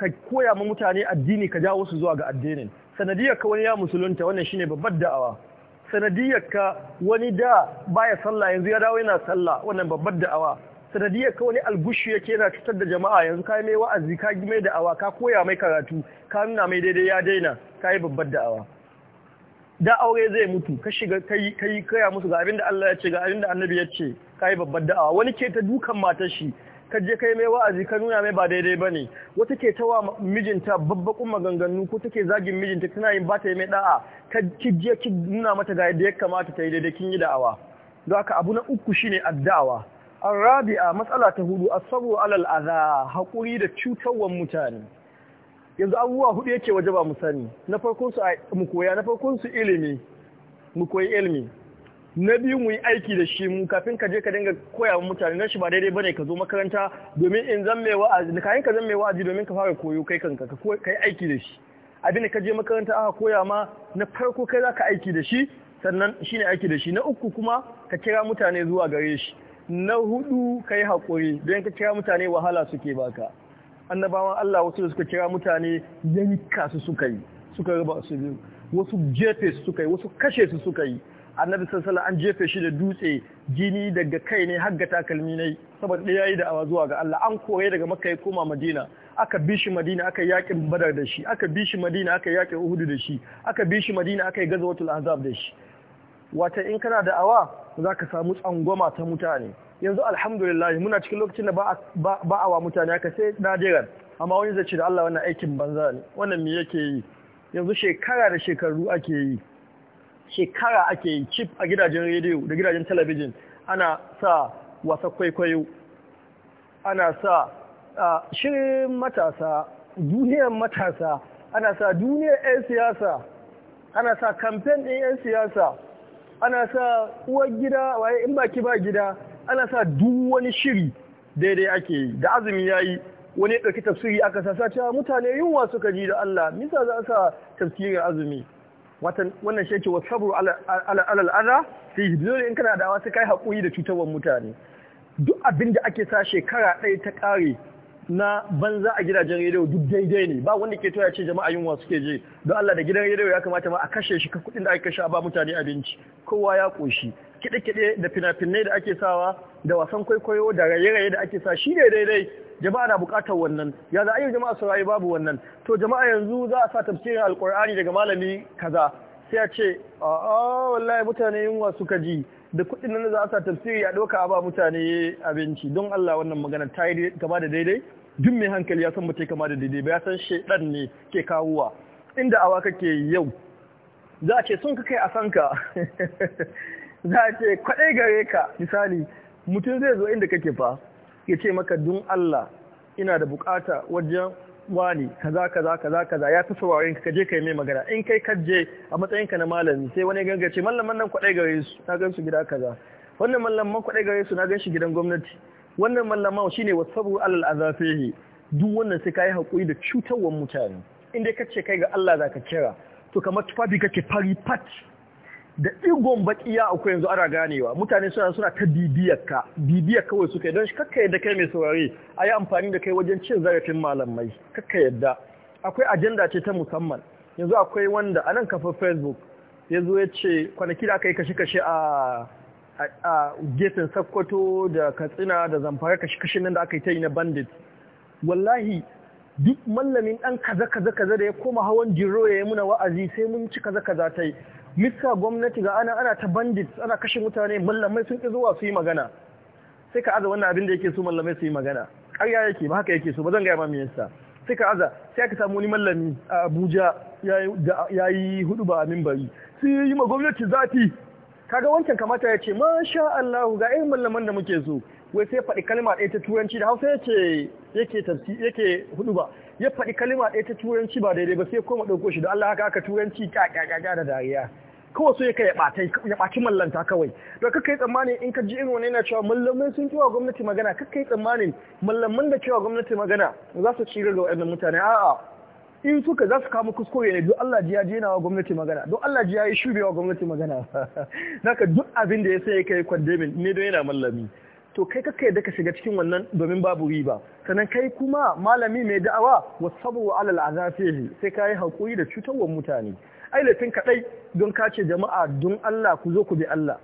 ka koya ma mutane addini ka jawo su zuwa ga addinin sanadiyar ka wani ya musulunta wannan shine babbar da'awa sanadiyar ka wani da baya sallah yanzu ya dawo yana sallah wannan babbar da'awa sanadiyar ka wani algushi yake yana cutar da jama'a yanzu ka mai wa'azi ka mai da'awa ka koya mai karatu ka nuna mai daidai ya daina ka yi babbar da'awa da aure zai mutu ka shiga kai kai kaya musu ga abinda Allah ya ce ga abinda Annabi ya ce kai babbar da'awa wani ke ta dukan matar shi ka je kai mai wa'azi ka nuna mai ba daidai bane wata ke ta wa mijinta babbakun maganganu ko take zagin mijinta tana yin bata mai da'a ka kije ki nuna mata ga yadda ya kamata ta yi daidai kin yi da'awa don haka abu na uku shine addawa arabi'a matsala ta hudu asabu alal adha hakuri da cutarwar mutane yanzu abubuwa hudu yake waje ba mu sani na farkon su mu koya na farkon su ilimi mu koyi ilimi na biyu mu yi aiki da shi mu kafin ka je ka dinga koya wa mutane na shi ba daidai bane ka zo makaranta domin in zan mai wa'azi kayan ka zan mai wa'azi domin ka fara koyo kai kanka ka yi aiki da shi abin da ka je makaranta aka koya ma na farko kai za ka aiki da shi sannan shine aiki da shi na uku kuma ka kira mutane zuwa gare shi na hudu ka yi haƙuri don ka kira mutane wahala suke baka annabawan Allah wasu da suka kira mutane yanka su suka yi suka raba su biyu wasu jefe su suka yi wasu kashe su suka yi annabi sallallahu an jefe shi da dutse jini daga kai ne har ga takalmi ne saboda da yayi da'awa zuwa ga Allah an koye daga Makka ya koma Madina aka bi shi Madina aka yaƙin Badar da shi aka bi shi Madina aka yaƙin Uhud da shi aka bi shi Madina aka yi Ghazwatul Ahzab da shi wata in kana da'awa zaka samu tsangwama ta mutane yanzu alhamdulillah muna cikin lokacin da ba a wa mutane aka sai nadiran amma wani zai ce da Allah wannan aikin banza ne wannan me yake yi yanzu shekara da shekaru ake yi shekara ake yi chip a gidajen rediyo da gidajen talabijin ana sa wasa kwaikwayo ana sa shirin matasa duniyar matasa ana sa duniyar 'yan siyasa ana sa kamfen ɗin 'yan siyasa ana sa uwar gida waye in baki ba gida ana sa duk wani shiri daidai ake yi da azumi ya yi wani ɗauki tafsiri aka sa sa ah, mutane yunwa suka ji da Allah misa za a sa tafsirin azumi wannan shi ce wasu sabru al'ada sai dole in kana da wasu kai haƙuri da cutarwar mutane duk abin da ake sa shekara ɗaya ta ƙare na banza a gidajen rediyo duk daidai ne ba wanda ke toya ce jama'a yunwa suke je don Allah da gidan rediyo ya kamata ma a kashe shi ka kudin da aka kashe ba mutane abinci kowa ya koshi kide-kide da fina-finai da ake sawa da wasan kwaikwayo da raye-raye da ake sa shi ne daidai jama'a na bukatar wannan ya za a yi jama'a babu wannan to jama'a yanzu za a sa tafsirin alkur'ani daga malami kaza sai a ce a'a wallahi mutane yunwa suka ji da kuɗin nan za a sa tafsiri a ɗauka a ba mutane abinci don Allah wannan magana ta yi gaba da daidai duk mai hankali ya san ba kama da daidai ba ya san shaidan ne ke kawuwa inda awa kake yau za a ce sun ka kai a san za a ce kwaɗai gare ka misali mutum zai zo inda kake fa ya ce maka dun Allah ina da bukata wajen wani kaza kaza kaza kaza ya fi sauraron ka je kai mai magana in kai kaje a matsayin ka na malami sai wani ganga ce nan kwaɗai na gan su gida kaza wannan mallaman kwaɗai gare su na gan shi gidan gwamnati wannan mallama shine wasabu alal azafihi duk wannan sai yi hakuri da cutarwar mutane inda ce kai ga Allah zaka kira to kamar tufafi kake fari pat da igon bakiya akwai yanzu ana ganewa mutane suna suna ta bibiyar ka bibiyar kawai suka don kakka yadda kai mai saurari a yi amfani da kai wajen cin zarafin malamai kakka yadda akwai ajanda ce ta musamman yanzu akwai wanda a nan kafin facebook ya zo ya ce kwanaki da aka yi kashe-kashe a a gefen sakkwato da katsina da zamfara kashi kashe nan da aka yi ta yi na bandit wallahi duk mallamin ɗan kaza-kaza da ya koma hawan jiro ya yi muna wa'azi sai mun ci kaza-kaza ta yi mista gwamnati ga ana ana ta bandit ana kashe mutane mallamai sun ƙi zuwa su yi magana sai ka aza wannan abin da yake so mallamai su yi magana ƙarya yake ba haka yake so ba zan gaya ma me yasa sai ka aza sai aka samu wani mallami a Abuja ya yi hudu ba a mimbari sai yi ma gwamnati zafi kaga wancan kamata ya ce masha Allah ga irin mallaman da muke so wai sai faɗi kalma ɗaya ta turanci da hausa yake yake tafsi yake hudu ba ya faɗi kalma ɗaya ta turanci ba daidai ba sai koma ɗauko shi da Allah haka aka turanci ka ka da dariya kawai so yake ya bata ya ɓaci mallanta kawai to kakka yi tsammani in ka ji irin wani yana cewa mallamai sun kiwa gwamnati magana kakka yi tsammanin mallaman da cewa gwamnati magana za su cire ga waɗannan mutane a'a in suka za su kama kuskure ne duk Allah ji ya jena wa gwamnati magana don Allah ji ya yi shubewa gwamnati magana naka duk abin da ya sai kai kwandemin ne don yana mallami to kai kaka yadda ka shiga cikin wannan domin babu riba sannan kai kuma malami mai da'awa a alal azafihi sai ka yi haƙuri da cutarwar mutane ai laifin kaɗai don ka ce jama'a don Allah ku zo ku bi Allah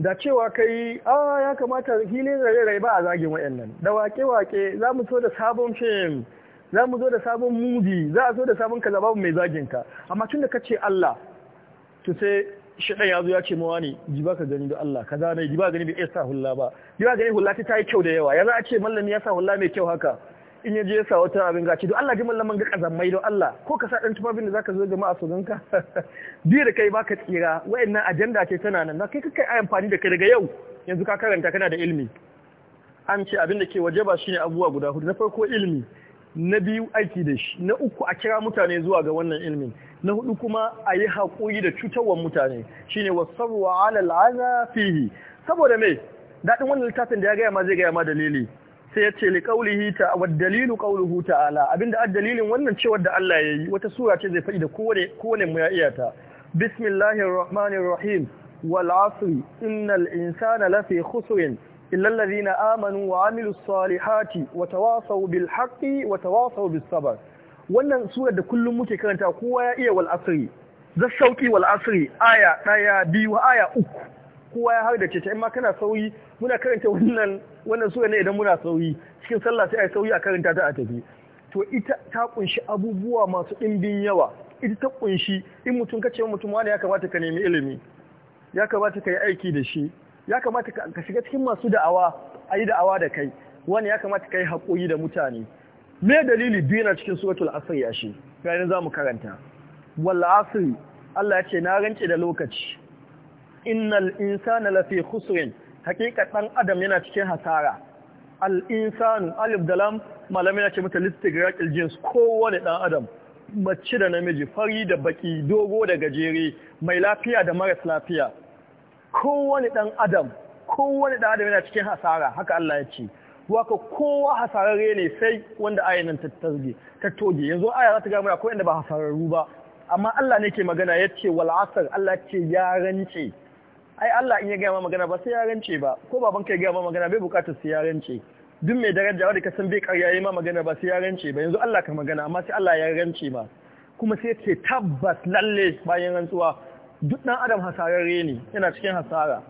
da cewa kai a ah, ya kamata hili rare rai ba a zagin wa'annan da wake wake za mu so da sabon fim za mu zo da sabon mubi za a zo da sabon kaza babu mai zaginka. amma tun da ka ce Allah to sai shedan ya zo ya ce mawa ne ji ba ka gani da Allah kaza zane ji ba gani bai sa hula ba ji ba gani hula ta yi kyau da yawa ya za a ce mallami ya sa hula mai kyau haka in ya je ya sa wata abin gaci don Allah ji mallamin ga kazamai don Allah ko ka sa ɗan tufafin da za ka zo jama'a su ka? biyu da kai ba ka tsira wayannan ajanda ce tana nan na kai kai amfani da kai daga yau yanzu ka karanta kana da ilimi an ce abin da ke waje ba shine abubuwa guda hudu na farko ilimi na biyu aiki da shi na uku a kira mutane zuwa ga wannan ilimin, na hudu kuma a yi haƙuri da cutarwar mutane shine wasarwa ala al'ana fihi saboda me daɗin wannan littafin da ya gaya ma zai gaya ma dalili sai ya ce li qaulihi ta wa dalilu qawluhu ta'ala abinda dalilin wannan cewar da Allah ya yi, wata sura ce zai faɗi da kowane kowane mu ya iya ta bismillahir rahmanir rahim wal asri innal insana lafi khusr illal na amanu wa amilus salihati wa tawasaw bil haqqi wa tawasaw bis sabr wannan surar da kullum muke karanta kowa ya iya wal asri zashauki wal asri aya daya biyu aya uku kowa ya hardace ta in ma kana sauyi muna karanta wannan wannan sura ne idan muna sauyi cikin sallah sai ai sauyi a karanta ta a tafi to ita ta kunshi abubuwa masu ɗimbin yawa ita ta kunshi in mutum kace mutum wani ya kamata ka nemi ilimi ya kamata ka yi aiki da shi ya kamata ka shiga cikin masu da'awa a yi da'awa da kai wani ya kamata ka yi haƙoƙi da mutane me dalili biyu na cikin suratul asr ya shi bayan za mu karanta wal asr Allah ya ce na rance da lokaci innal insana lafi khusrin hakika dan adam yana cikin hasara al insanu alif da lam malamin ya ce mata listigraqil jins kowane dan adam mace da namiji fari da baki dogo da gajere mai lafiya da maras lafiya kowane ɗan adam kowane ɗan adam yana cikin hasara haka Allah ya ce waka kowa hasararre ne sai wanda aya nan ta toge yanzu aya za ta gama ko inda ba hasararru ba amma Allah ne ke magana ya ce wal Allah ce ya rance ai Allah in ya gaya ma magana ba sai ya rance ba ko baban ka gaya ma magana bai bukatar sai ya rance duk mai daraja wanda ka san bai karya yi ma magana ba sai ya rance ba yanzu Allah ka magana amma sai Allah ya rance ba kuma sai ce tabbas lalle bayan rantsuwa duk ɗan adam hasararre ne yana cikin hasara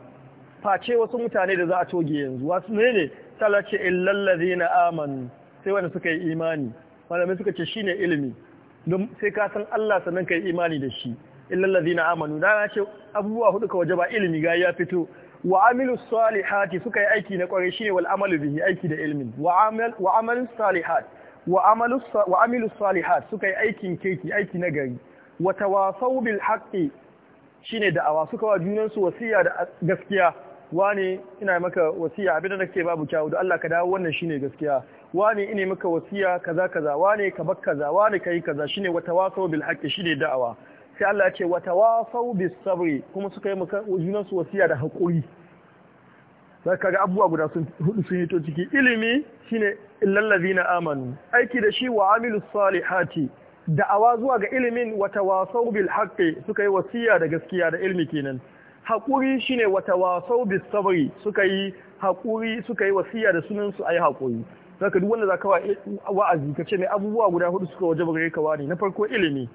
face wasu mutane da za a toge yanzu wasu ne ne tsala ce illallazi na amanu sai wanda suka yi imani malamai suka ce shine ilimi don sai ka san Allah sannan ka yi imani da shi illallazi na amanu da na ce abubuwa hudu ka waje ba ilimi ga ya fito wa amilu salihati suka yi aiki na kwarai shine wal amalu bihi aiki da ilimi. wa amal salihat amilu salihat suka yi aikin kirki aiki na gari wa tawasaw bil haqqi shine da'awa suka wa junansu wasiya da gaskiya Wani ina maka wasiya abin da nake babu kyawu da Allah ka dawo wannan shine gaskiya Wani ina maka wasiya kaza kaza Wani ka bar kaza Wani kai kaza shine watawasau bil haqqi shine da'awa sai Allah ya ce watawasau bis sabri kuma suka yi maka junansu wasiya da hakuri za ka ga abubuwa guda sun hudu sun hito ciki ilimi shine illal ladina amanu aiki da shi wa amilus salihati da'awa zuwa ga ilimin wata wasau bil suka yi wasiya da gaskiya da ilmi kenan haƙuri shine wata wasau bil sabri suka yi haƙuri suka yi wasiya da sunan su ayi haƙuri zaka duk wanda zaka wa'azi kace mai abubuwa guda hudu suka wajaba gare ka wani na farko ilimi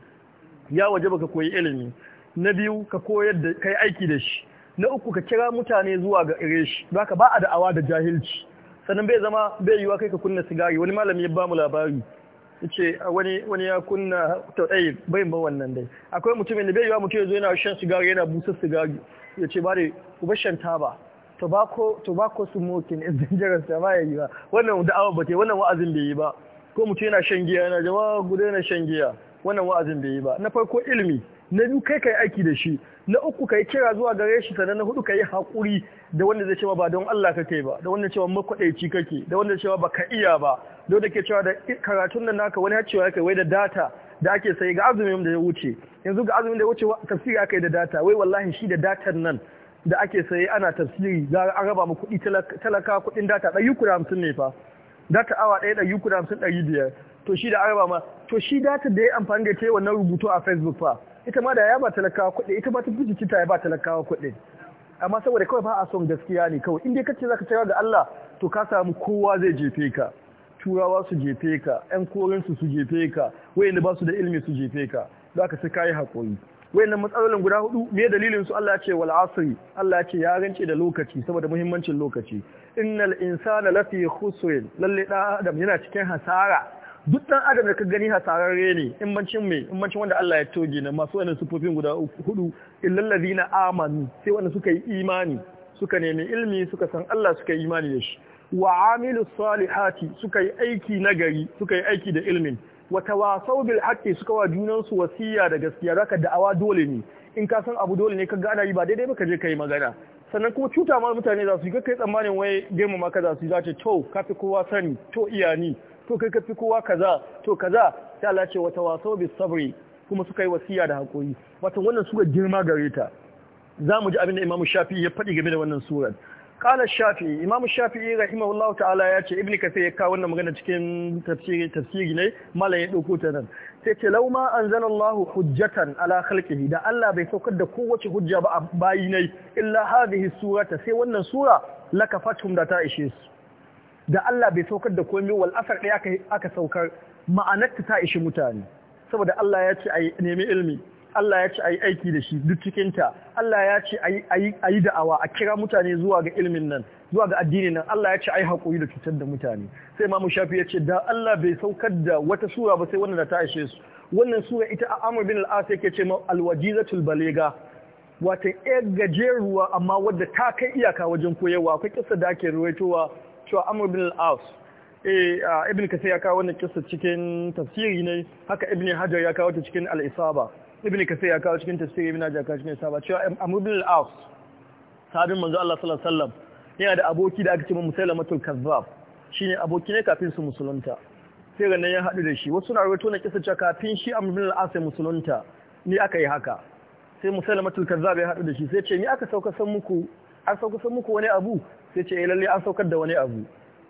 ya wajaba ka koyi ilimi na biyu ka koyar da kai aiki da shi na uku ka kira mutane zuwa ga ire shi zaka ba a da'awa da jahilci sannan bai zama bai yiwa kai ka kunna sigari wani malami ya ba mu labari ce wani ya kunna to ɗai bai ba wannan dai akwai mutumin da bai yiwa mutum ya zo yana shan sigari yana busar sigari ya ce bari ku shan taba tobacco tobacco smoking is dangerous da ba ya yi ba wannan da'awa ba ta wannan wa'azin bai yi ba ko mutum yana shan giya yana jama guda yana shan giya wannan wa'azin bai yi ba na farko ilimi na biyu kai kai aiki da shi na uku kai kira zuwa gare shi sannan na hudu kai haƙuri da wanda zai cewa ba don Allah kake ba da wanda cewa makwadaici kake da wanda zai ba ka iya ba do da ke cewa da karatun nan naka wani hacewa cewa kai wai da data da ake sai ga azumin da ya wuce yanzu ga azumin da ya wuce tafsiri aka yi da data wai wallahi shi da data nan da ake sai ana tafsiri za a raba mu kuɗi talaka kuɗin data ɗari da hamsin ne fa data awa ɗaya ɗari da hamsin ɗari biyar to shi da an raba ma to shi data da ya amfani da ta yi wannan rubutu a facebook fa ita ma da ya ba talakawa kuɗi ita ma ta fi jikita ya ba talakawa kuɗi amma saboda kawai ba a son gaskiya ne kawai in dai kace zaka tsaya ga Allah to ka samu kowa zai jefe ka turawa su jefe ka yan korinsu su jefe ka wayanda ba su da ilimi su jefe ka za ka sai kayi haƙuri wayannan matsalolin guda hudu me dalilin su Allah ya ce wal asri Allah ya ce ya rance da lokaci saboda muhimmancin lokaci innal na lafi khusr lalle da adam yana cikin hasara duk dan adam da ka gani hasararre ne in bancin me in bancin wanda Allah ya toge na masu wannan sufofin guda hudu illal ladina amanu sai wanda suka yi imani suka nemi ilmi suka san Allah suka yi imani da shi wa amilu salihati suka yi aiki na gari suka yi aiki da ilmin wata tawasau bil haqqi suka wa junan su wasiya da gaskiya zaka da'awa dole ne in ka san abu dole ne ka gana yi ba daidai ba ka je kai magana sannan kuma cuta ma mutane za su yi kai tsammanin wai girmama ka za su yi za ce to fi kowa sani to iyani to kai ka fi kowa kaza to kaza sai Allah ce wa tawasau bis sabri kuma suka yi wasiya da hakuri wato wannan suka girma gare ta za mu ji abin da Imam Shafi'i ya faɗi game da wannan surar Kala Shafi'i, Imam Shafi rahimahullah ta'ala ya ce Ibn Kathir ya kawo wannan magana cikin tafsiri tafsiri ne, mala ya ɗauko ta nan. Sai ce an ma Allah hujjatan ala khalqihi da Allah bai saukar da kowace hujja ba a bayi nai illa hadhihi surata sai wannan sura laka fatum da ta ishe su. Da Allah bai saukar da komai wal asar ɗaya aka aka saukar ma'anar ta ishe mutane. Saboda Allah ya ce a nemi ilmi Allah ya ce a yi aiki da shi duk cikinta Allah ya ce a yi da'awa a kira mutane zuwa ga ilimin nan zuwa ga addini nan Allah ya ce a yi haƙuri da cutar da mutane sai mu shafi ya ce da Allah bai saukar da wata sura ba sai wannan da ta aishe su wannan sura ita a amur bin al'as yake ce ma alwajizatul balega wata gajiyar gajeruwa amma wadda ta kai iyaka wajen koyarwa akwai kisa da ake ruwaitowa cewa amur bin al'as eh, ibn kasai ya kawo wannan kisa cikin tafsiri ne haka ibn hajar ya kawo ta cikin al'isaba ibn kasai ya kawo cikin tafsiri ibn ajah kawo cikin saba cewa amr ibn al sabin manzo Allah sallallahu alaihi wasallam yana da aboki da aka ce musailamatul kazzab shine aboki ne kafin su musulunta sai nan ya haɗu da shi wasu na rawaito na kisa cewa kafin shi amr ibn al musulunta ni aka yi haka sai musailamatul kazzab ya haɗu da shi sai ce ni aka sauka san muku an sauka san muku wani abu sai ce eh lalle an saukar da wani abu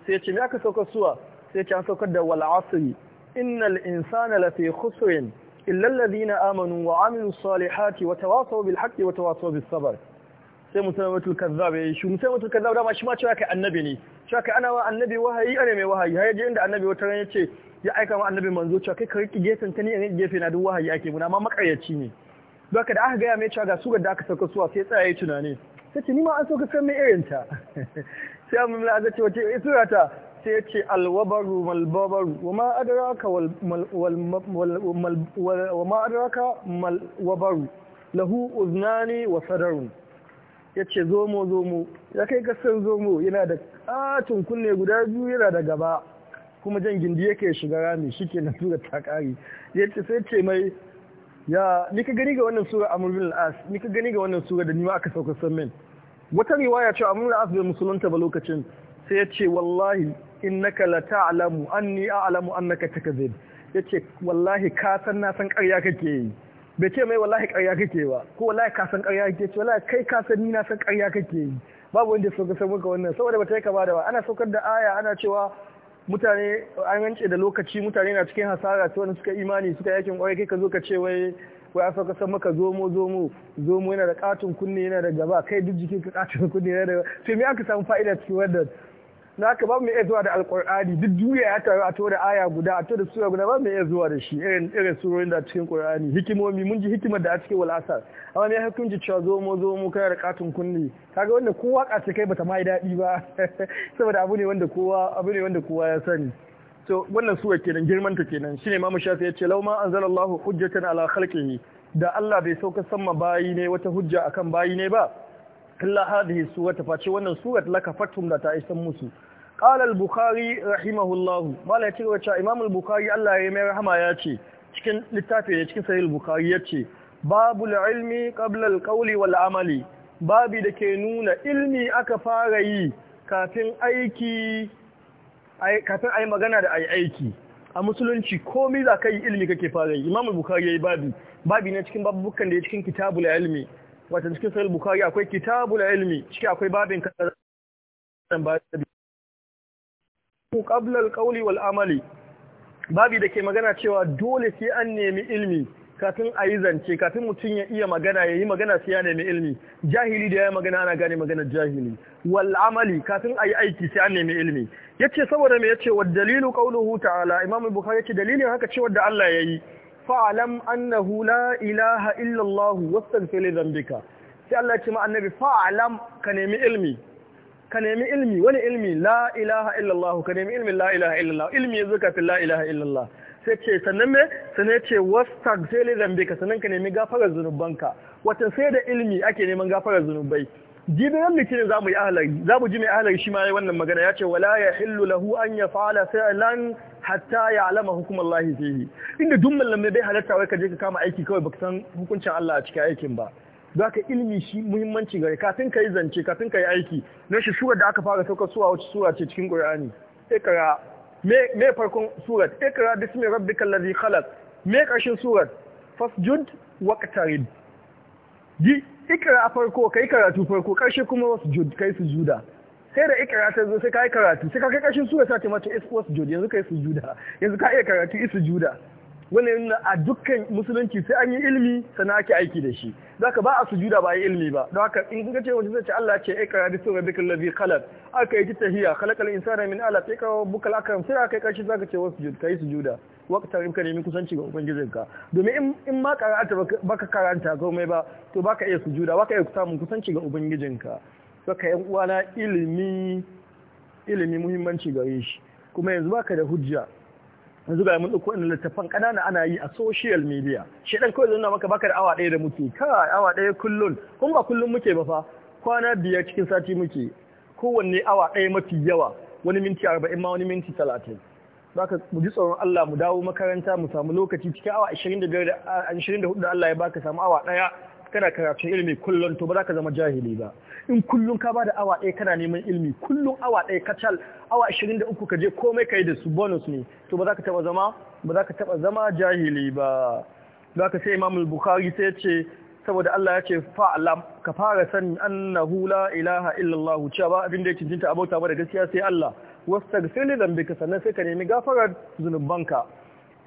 sai ce ni aka saukar suwa sai ce an saukar da wal asri innal insana lafi khusrin illa alladhina amanu wa amilu salihati wa tawasaw bil haqqi wa tawasaw bis sabr sai musulmatul kazzab yayi shi musulmatul kazzab dama shi ma cewa kai annabi ne cewa kai ana wa annabi wahayi ana mai wahayi har yaje inda annabi wata ran yace ya aika ma annabi manzo cewa kai ka riki gefen ka ne a gefe na duk wahayi ake muna amma makayyaci ne haka da aka gaya mai cewa ga sugar da aka sauka suwa sai tsaya yi tunani sai ce ni ma an sauka san mai irin ta sai amma mun la'a ce wace sura ta sai ce alwabaru malbabaru wa ma adraka wa adraka malwabaru lahu uznani wa sadarun yace zomo zomo ya kai kasar zomo yana da katin kunne guda biyu yana da gaba kuma jan gindi yake shiga rami shi ke na tura ta ya ce sai ce mai ya nika gani ga wannan sura amurin al'as nika as gani ga wannan tura da ni ma aka sauka san wata riwaya ce amurin al'as bai musulunta ba lokacin sai ya ce wallahi innaka la ta'lamu anni a'lamu annaka takzib yace wallahi ka san na san ƙarya kake yi bai ce mai wallahi ƙarya kake ba ko wallahi ka san ƙarya kake ce wallahi kai ka san ni na san ƙarya kake yi babu wanda ya sauka sauka wannan saboda bata yi kama da ba ana saukar da aya ana cewa mutane an rance da lokaci mutane na cikin hasara ta wani suka imani suka yakin kwarai kai ka zo ka ce wai wai an sauka san maka zomo zomo zomo yana da katon kunne yana da gaba kai duk jikin ka katon kunne yana da to me aka samu fa'ida cikin wannan na ka babu mai iya zuwa da alkur'ani duk duniya ya taru a to da aya guda a to da sura guda babu mai iya zuwa da shi irin irin surorin da cikin qur'ani hikimomi mun ji hikimar da a cikin walasar amma ne hukunci cewa zomo mu zo mu kai da katun kunni kaga wanda kowa kace kai bata mai daɗi ba saboda abu ne wanda kowa abu ne wanda kowa ya sani to wannan sura kenan girman ta kenan shine imamu shafi yace law ma anzalallahu hujjatan ala khalqihi da Allah bai sauka sama bayi ne wata hujja akan bayi ne ba illa hadhihi surata face wannan surat lakafatum da ta isan musu qala al-bukhari rahimahullahu mala yace wace imam al-bukhari Allah ya mai rahama yace cikin littafin ne cikin sahih al-bukhari yace babul ilmi qabla al-qawli wal amali babi da ke nuna ilmi aka fara yi kafin aiki kafin ai magana da ai aiki a musulunci komai za ka yi ilmi kake fara yi imam al-bukhari yayi babi babi ne cikin babukan da ya cikin kitabul ilmi wata cikin sahih bukhari akwai kitabul ilmi ciki akwai babin kasan babi ku qabla al-qawli wal amali babi da ke magana cewa dole sai an nemi ilmi kafin a yi zance kafin mutum ya iya magana ya yi magana sai ya nemi ilmi jahili da ya magana ana gane maganar jahili Wal'amali amali kafin a yi aiki sai an nemi ilmi yace saboda me yace wa dalilu qawluhu ta'ala imam bukhari yace dalilin haka cewa da Allah yayi fa'alam annahu la ilaha illallah wastaghfir li dhanbika sai Allah ya ce ma annabi fa'alam ka nemi ilmi ka nemi ilmi wani ilmi la ilaha illallahu ka nemi ilmi la ilaha illallahu ilmi ya zuka la ilaha illallah sai ce sannan me sannan ce wastaghfir li dhanbika sannan ka nemi gafarar zunubanka wata sai da ilmi ake neman gafarar zunubai jibiran litinin za mu yi ahalari za mu ji mai ahalari shi ma yi wannan magana ya ce wala ya hillu lahu an ya fa'ala sai lan hatta ya alama hukumar lahi fihi inda duk mallamai bai halarta wai ka je ka kama aiki kawai baka san hukuncin Allah a cikin aikin ba za ka ilimi shi muhimmanci gare kafin ka yi zance kafin ka yi aiki na shi sura da aka fara saukar suwa wace sura ce cikin ƙur'ani ikra me me farkon surat ikra bismi rabbikal ladhi khalaq me kashin surat fasjud waqtarid di ikra farko kai karatu farko ƙarshe kuma wasjud kai sujuda sai da ikra ta zo sai ka yi karatu sai ka kai kashin sura ta ce mata iswas jodi yanzu ka yi juda yanzu ka iya karatu isu juda yana a dukkan musulunci sai an yi ilimi sana ake aiki da shi zaka ba a sujuda ba yi ilimi ba don haka in ce wani zai ce Allah ce ikra bi sura kan lafi khalaq aka yi tahiya khalaqal insana min fi kawo bukal akram sai aka kashi zaka ce wasjud kai sujuda waqta rimka nemi min kusanci ga ubangijinka domin in ma karanta baka karanta komai ba to baka iya sujuda baka iya samun kusanci ga ubangijinka saka yan uwana ilimi ilimi muhimmanci gare shi kuma yanzu baka da hujja yanzu ga mun dauko inda littafin kanana ana yi a social media shi dan kawai zanna maka baka da awa daya da muke ka awa daya kullun kun ba kullun muke ba fa kwana biyar cikin sati muke kowanne awa daya mafi yawa wani minti 40 ma wani minti 30 baka mu ji tsoron Allah mu dawo makaranta mu samu lokaci cikin awa 25 da 24 da Allah ya baka samu awa daya kana karatun ilimi kullum to ba za ka zama jahili ba in kullum ka bada awa ɗaya kana neman ilimi kullum awa ɗaya kacal awa 23 ka je komai yi da su bonus ne to ba za ka taba zama ba taba zama jahili ba za ka sai imamul Bukhari sai ce saboda Allah ya ce fa'alam ka fara sanin annahu la ilaha illallah cewa ba abin da ya cincinta abauta ba da gaskiya sai Allah wastaghfir li ka sannan sai ka nemi gafarar zunubanka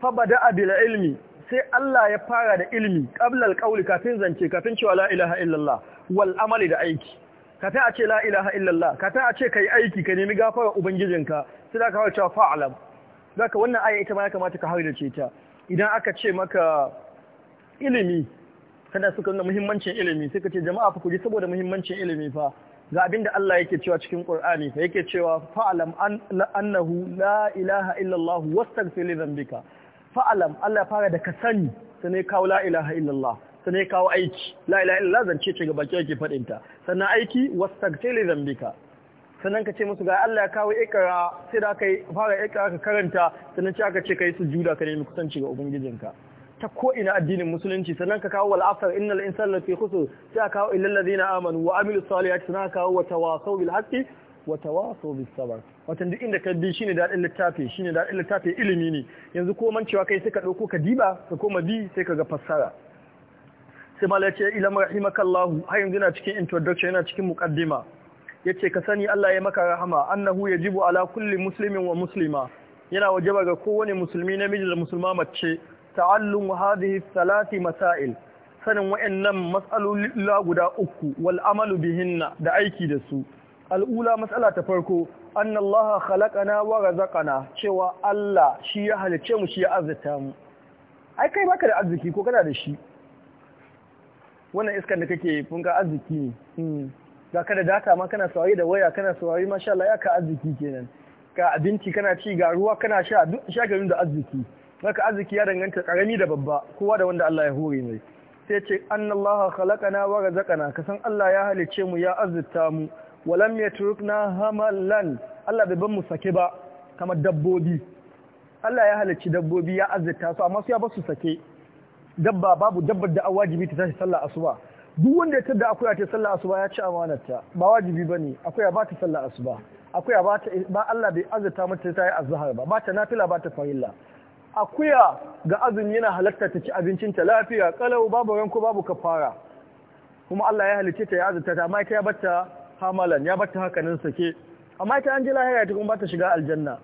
fa bada'a bila ilmi sai Allah ya fara da ilimi ƙablar ƙauli kafin zance kafin cewa la ilaha illallah wal amali da aiki kafin a ce la ilaha illallah kafin a ce ka yi aiki ka nemi gafara ubangijinka sai da ka fara cewa fa'alam zaka wannan aya ita ma ya kamata ka ce ta idan aka ce maka ilimi kada suka nuna muhimmancin ilimi sai ka ce jama'a fa ku saboda muhimmancin ilimi fa ga abin da Allah yake cewa cikin ƙur'ani fa yake cewa fa'alam annahu la ilaha illallah wastaghfir li bika fa'alam Allah ya fara da ka sani sanai kawo la ilaha illallah kawo aiki la ilaha illallah zance ce ga baki yake faɗinta sannan aiki wasu wastaghfir zambika sannan ka ce musu ga Allah ya kawo ikara sai da kai fara ikara ka karanta sannan ce aka ce su juda ka nemi kusanci ga ubangijinka ta ko ina addinin musulunci sannan ka kawo wal'afar innal insana lafi kusur sai ka kawo illal ladina amanu wa amilus salihati sannan ka kawo wa wasau bil wata tawasaw bi sabr watan duk inda ka bi shine daɗin littafi shine daɗin littafi ilimi ne yanzu ko mancewa kai sai ka dauko ka diba ka koma bi sai ka ga fassara sai mala yace ila Kallahu. har yanzu yana cikin introduction yana cikin muqaddima yace ka sani Allah ya maka rahama annahu yajibu ala kulli muslimin wa muslima yana wajaba ga kowane musulmi namiji da musulma mace ta'allum hadhihi salati masail sanin wa'annan mas'alolin guda uku wal amalu bihinna da aiki da su al'ula matsala ta farko an Allah halakana wa razakana cewa Allah shi ya halice mu shi ya arzita mu ai kai baka da arziki ko kana da shi wannan iskan da kake funka arziki ne hmm. ga ka da data ma kana sawari da waya kana sawari masha Allah ya ka arziki kenan ga abinci kana ci ga ruwa kana sha duk shagarin da arziki haka arziki ya danganta karami da babba kowa da wanda Allah ya hore mai sai ce annallaha halakana wa ka kasan Allah ya halice mu ya arzita mu walam yatrukna hamalan Allah bai ban mu sake ba kamar dabbobi Allah ya halarci dabbobi ya azzata su amma su ya ba su sake dabba babu dabbar da wajibi ta tashi sallah asuba duk wanda ya da akuya ta sallah asuba ya ci amanarta ba wajibi bane akuya ba ta sallah asuba akuya ba ta ba Allah bai azzata mata ta yi azhar ba ba ta nafila ba ta farilla akuya ga azumi yana halarta ta ci abincin ta lafiya kalau babu ranko babu kafara kuma Allah ya halice ta ya azzata ta amma ya bata hamalan ya bata hakanin sake amma ita an ji lahira ta kuma bata shiga aljanna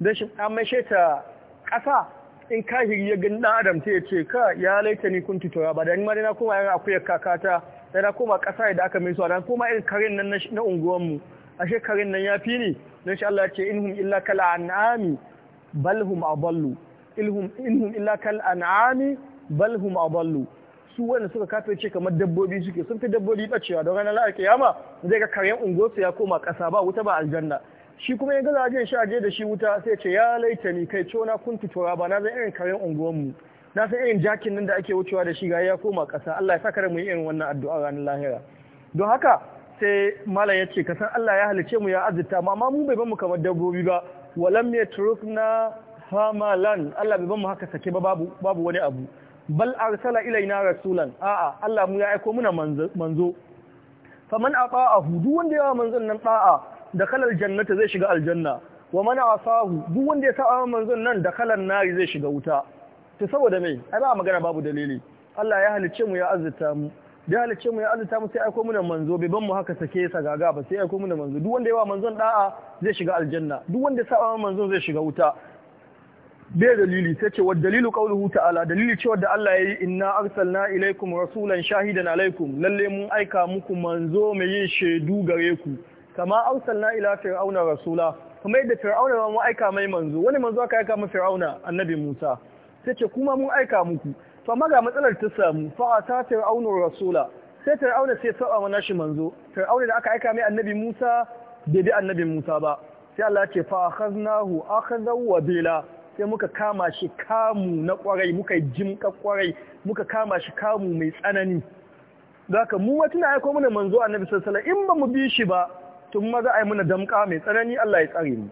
da shi an mai sheta ƙasa in kahiri ya gani ɗan adam ta ya ce ka ya laita ni kun tutura ba da ni ma na kuma yana akuyar kakata da na koma ƙasa da aka mai suwa na kuma irin karin nan na unguwanmu a shekarun nan ya fi ni don shi Allah ce inhum illa kal an'ami balhum aballu inhum illa kal an'ami aballu su wanda suka ce kamar dabbobi suke sun fi dabbobi bacewa don ranar la'ar kiyama zai ga karyan ungosu ya koma ƙasa ba wuta ba aljanna shi kuma ya gaza ajiyar shi aje da shi wuta sai ce ya laita ni kai na kun tutura ba na zan irin karyan unguwanmu na san irin jakin nan da ake wucewa da shi ga ya koma ƙasa Allah ya saka mu yi irin wannan addu'a ranar lahira don haka sai malam ya ce ka san Allah ya halice mu ya azita. mu amma mu bai mu kamar dabbobi ba walam yatrukna hamalan Allah bai mu haka sake ba babu wani abu bal arsala ilaina rasulan a'a Allah mu ya aiko muna manzo faman ata'ahu duk wanda ya manzon nan ta'a da kalal jannata zai shiga aljanna wa man asahu duk wanda ya sa'a manzon nan da kalan nari zai shiga wuta to saboda me ai ba magana babu dalili Allah ya halicce mu ya azzata mu da halicce mu ya azzata mu sai aiko muna manzo bai ban mu haka sake sa gaga ba sai aiko muna manzo duk wanda yawa manzon da'a zai shiga aljanna duk wanda ya sa'a manzon zai shiga wuta bai dalili sai ce wa dalilu ta'ala dalili cewa da Allah yayi inna arsalna ilaikum rasulan shahidan alaikum lalle mun aika muku manzo mai yin shaidu gare ku kama arsalna ila fir'auna rasula kuma yadda fir'auna mun aika mai manzo wani manzo aka aika mu fir'auna annabi Musa sai ce kuma mun aika muku to amma ga matsalar ta samu fa ta fir'auna rasula sai fir'auna sai saba mana shi manzo fir'auna da aka aika mai annabi Musa bai bi annabi Musa ba sai Allah ya ce fa akhadnahu akhadha wa bila sai muka kama shi kamu na kwarai muka jimka kwarai muka kama shi kamu mai tsanani zaka mu ma tuna aiko mana manzo annabi sallallahu alaihi wasallam in ba mu bi shi ba tun ma za a yi mana damka mai tsanani Allah ya tsare mu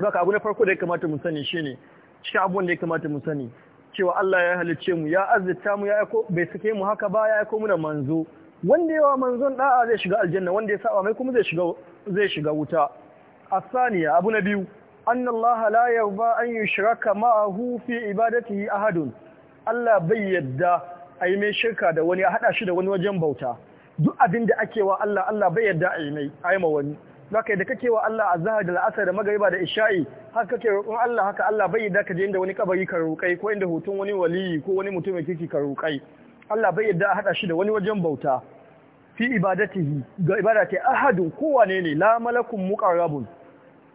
zaka abu na farko da ya kamata mu sani shine cikin abu da ya kamata mu sani cewa Allah ya halicce mu ya azzita mu ya aiko bai sake mu haka ba ya aiko mana manzo wanda yawa manzon da'a zai shiga aljanna wanda ya saba mai kuma zai shiga zai shiga wuta asaniya abu na biyu أن الله لا يرضى أن يشرك معه في عبادته أحد Allah bai yadda a yi mai shirka da wani a haɗa shi da wani wajen bauta duk abin da ake wa Allah Allah bai yadda a yi mai a yi ma wani zaka da kake wa Allah a da la'asar da magariba da isha'i haka kake roƙon Allah haka Allah bai yadda ka je inda wani kabari ka roƙai ko inda hoton wani waliyi ko wani mutum mai kirki ka roƙai Allah bai yadda a haɗa shi da wani wajen bauta fi ibadatihi ga ibadati ahadun kowane ne la malakun muqarrabun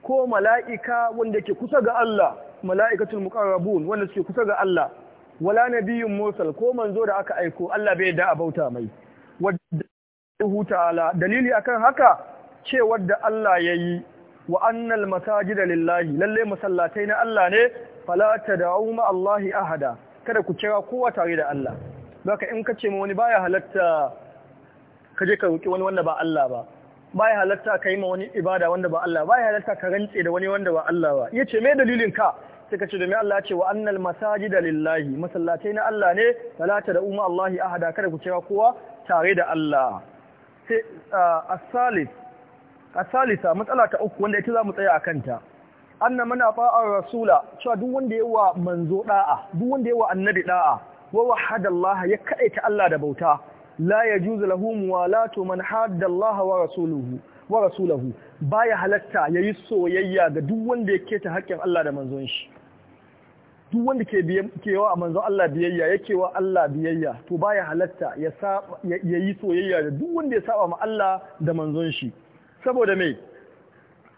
ko mala'ika wanda ke kusa ga Allah mala'ikatul muqarrabun wanda suke kusa ga Allah wala na biyun mursal ko manzo da aka aiko Allah bai da abauta mai wadda ta'ala dalili kan haka ce wadda Allah ya yi. wa annal da lillahi lalle masallatai na Allah ne falata da ma Allahi ahada kada ku kira kowa tare da Allah baka in ka ce ma wani baya halatta je ka roƙi wani wanda ba Allah ba bai halatta ka yi ma wani ibada wanda ba Allah bai halatta ka rantse da wani wanda ba Allah ba ce me dalilin ka suka ce domin Allah ce wa annal masajida lillahi masallatai na Allah ne talata da umma Allah ahada kada ku cewa kowa tare da Allah sai as-salis as-salisa matsala ta uku wanda ita za mu tsaya akan ta anna man ata'a rasula cewa duk wanda ya wa manzo da'a duk wanda ya wa annabi da'a wa wahada Allah ya kadaita Allah da bauta la yajuzu lahu muwalatu man hadda Allah wa rasuluhu wa rasulahu baya halatta yayi soyayya ga duk wanda ya keta haƙƙin Allah da manzon shi duk wanda ke kewa a manzon Allah biyayya yake wa Allah biyayya to baya halatta ya yayi soyayya da duk wanda ya saba ma Allah da manzon shi saboda me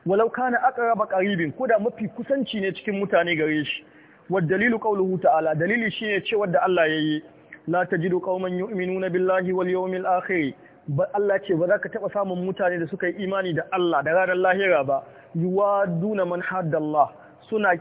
walau kana raba qaribin koda mafi kusanci ne cikin mutane gare shi wa dalilu qawluhu ta'ala dalili shine cewa da Allah yayi la tajidu qauman yu'minuna billahi wal yawmil akhir Allah ce ba za ka taɓa samun mutane da suka yi imani da Allah da ranar lahira ba yuwa duna man haddallah suna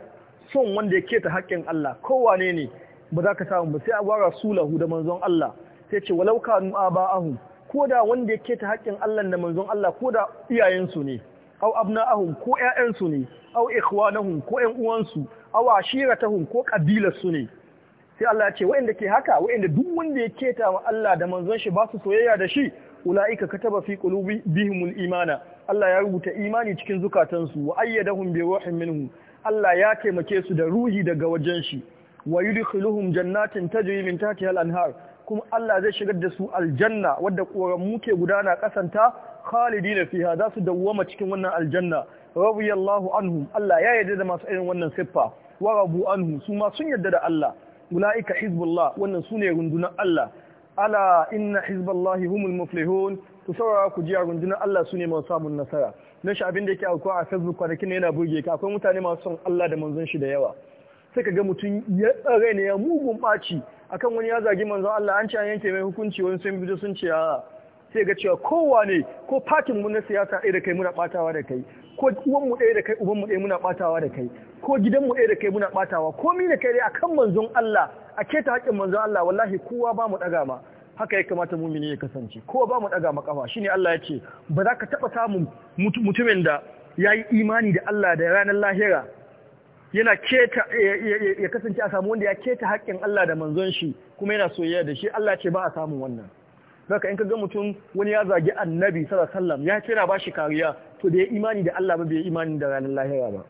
son wanda ya keta haƙƙin Allah kowane ne ba za ka samu ba sai a wara da manzon Allah sai ce walau kanu aba'ahum ko da wanda ya keta haƙƙin Allah da manzon Allah ko da iyayensu ne aw abna'ahum ko ya'yansu ne aw ikhwanahum ko ƴan uwansu aw ashiratahum ko kabilarsu ne sai Allah ya ce wa'inda ke haka wa'inda duk wanda ya keta wa Allah da manzon shi ba su soyayya da shi ulaika kataba fi bihimul imana Allah ya rubuta imani cikin zukatansu wa ayyadahum bi ruhin minhu Allah ya taimake su da ruhi daga wajen shi wa yudkhiluhum jannatin tajri min tahtiha al-anhar kuma Allah zai shigar da su aljanna wadda koran muke gudana kasanta khalidina fiha za su dawwama cikin wannan aljanna radiyallahu anhum Allah ya yarda da masu irin wannan siffa wa rabu suma su ma sun yarda da Allah ulaika hizbullah wannan sune rundunar Allah ala inna hizballahi humul muflihun ku saurara ku ji rundunar Allah sune masu samun nasara na shi abin da yake akwai a Facebook kwanakin yana burge ka akwai mutane masu son Allah da manzon shi da yawa sai ka ga mutum ya tsare ne ya mugun baci akan wani ya zagi manzon Allah an ce an yanke mai hukunci wani sun bido sun ce a sai ga cewa kowa ne ko fatin mu na siyasa ɗaya da kai muna ɓatawa da kai ko uwanmu ɗaya da kai mu ɗaya muna ɓatawa da kai ko gidanmu ɗaya da kai muna ɓatawa komi da kai dai kan manzon Allah a keta haƙƙin manzon Allah wallahi kowa ba mu ɗaga ma haka ya kamata mumini ya kasance kowa ba mu ɗaga ma ƙafa ne Allah ya ce ba za ka taɓa samun mutumin da ya yi imani da Allah da ranar lahira yana keta ya kasance a samu wanda ya keta haƙƙin Allah da manzon shi kuma yana soyayya da shi Allah ce ba a samun wannan zaka in ka ga mutum wani ya zagi annabi sallallahu alaihi wasallam ya ce ba shi kariya to da ya imani da Allah ba bai imani da ranar lahira ba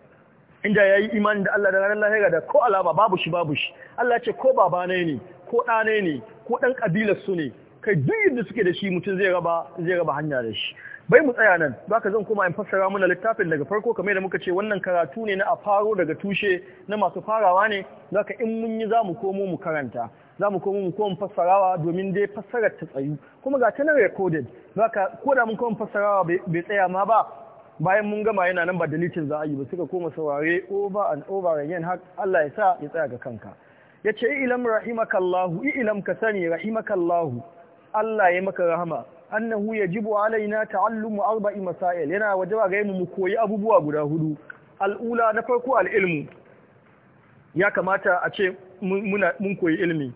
inda ya yi imani da Allah da ranar lahira da ko alama babu shi babu shi Allah ce ko baba ne ne ko ɗane ne ko ɗan ƙabilar su ne kai duk yadda suke da shi mutum zai raba zai raba hanya da shi bai mu tsaya nan ka zan koma in fassara muna littafin daga farko kamar da muka ce wannan karatu ne na a faro daga tushe na masu farawa ne Za ka in mun yi za mu komo mu karanta Za mu komo mu komo fassarawa domin dai fassarar ta tsayu kuma ga ta nan recorded za ko da mun komo fassarawa bai tsaya ma ba bayan mun gama yana nan ba deletin za a yi ba suka koma saurare over and over again har Allah ya sa ya tsaya ga kanka ya ce ilam rahimakallahu ilam ka sani rahimakallahu Allah ya maka rahama annahu yajibu alaina ta'allumu arba'i masail yana wajaba ga mu koyi abubuwa guda hudu al'ula na farko al'ilmu ya kamata a ce mun koyi ilmi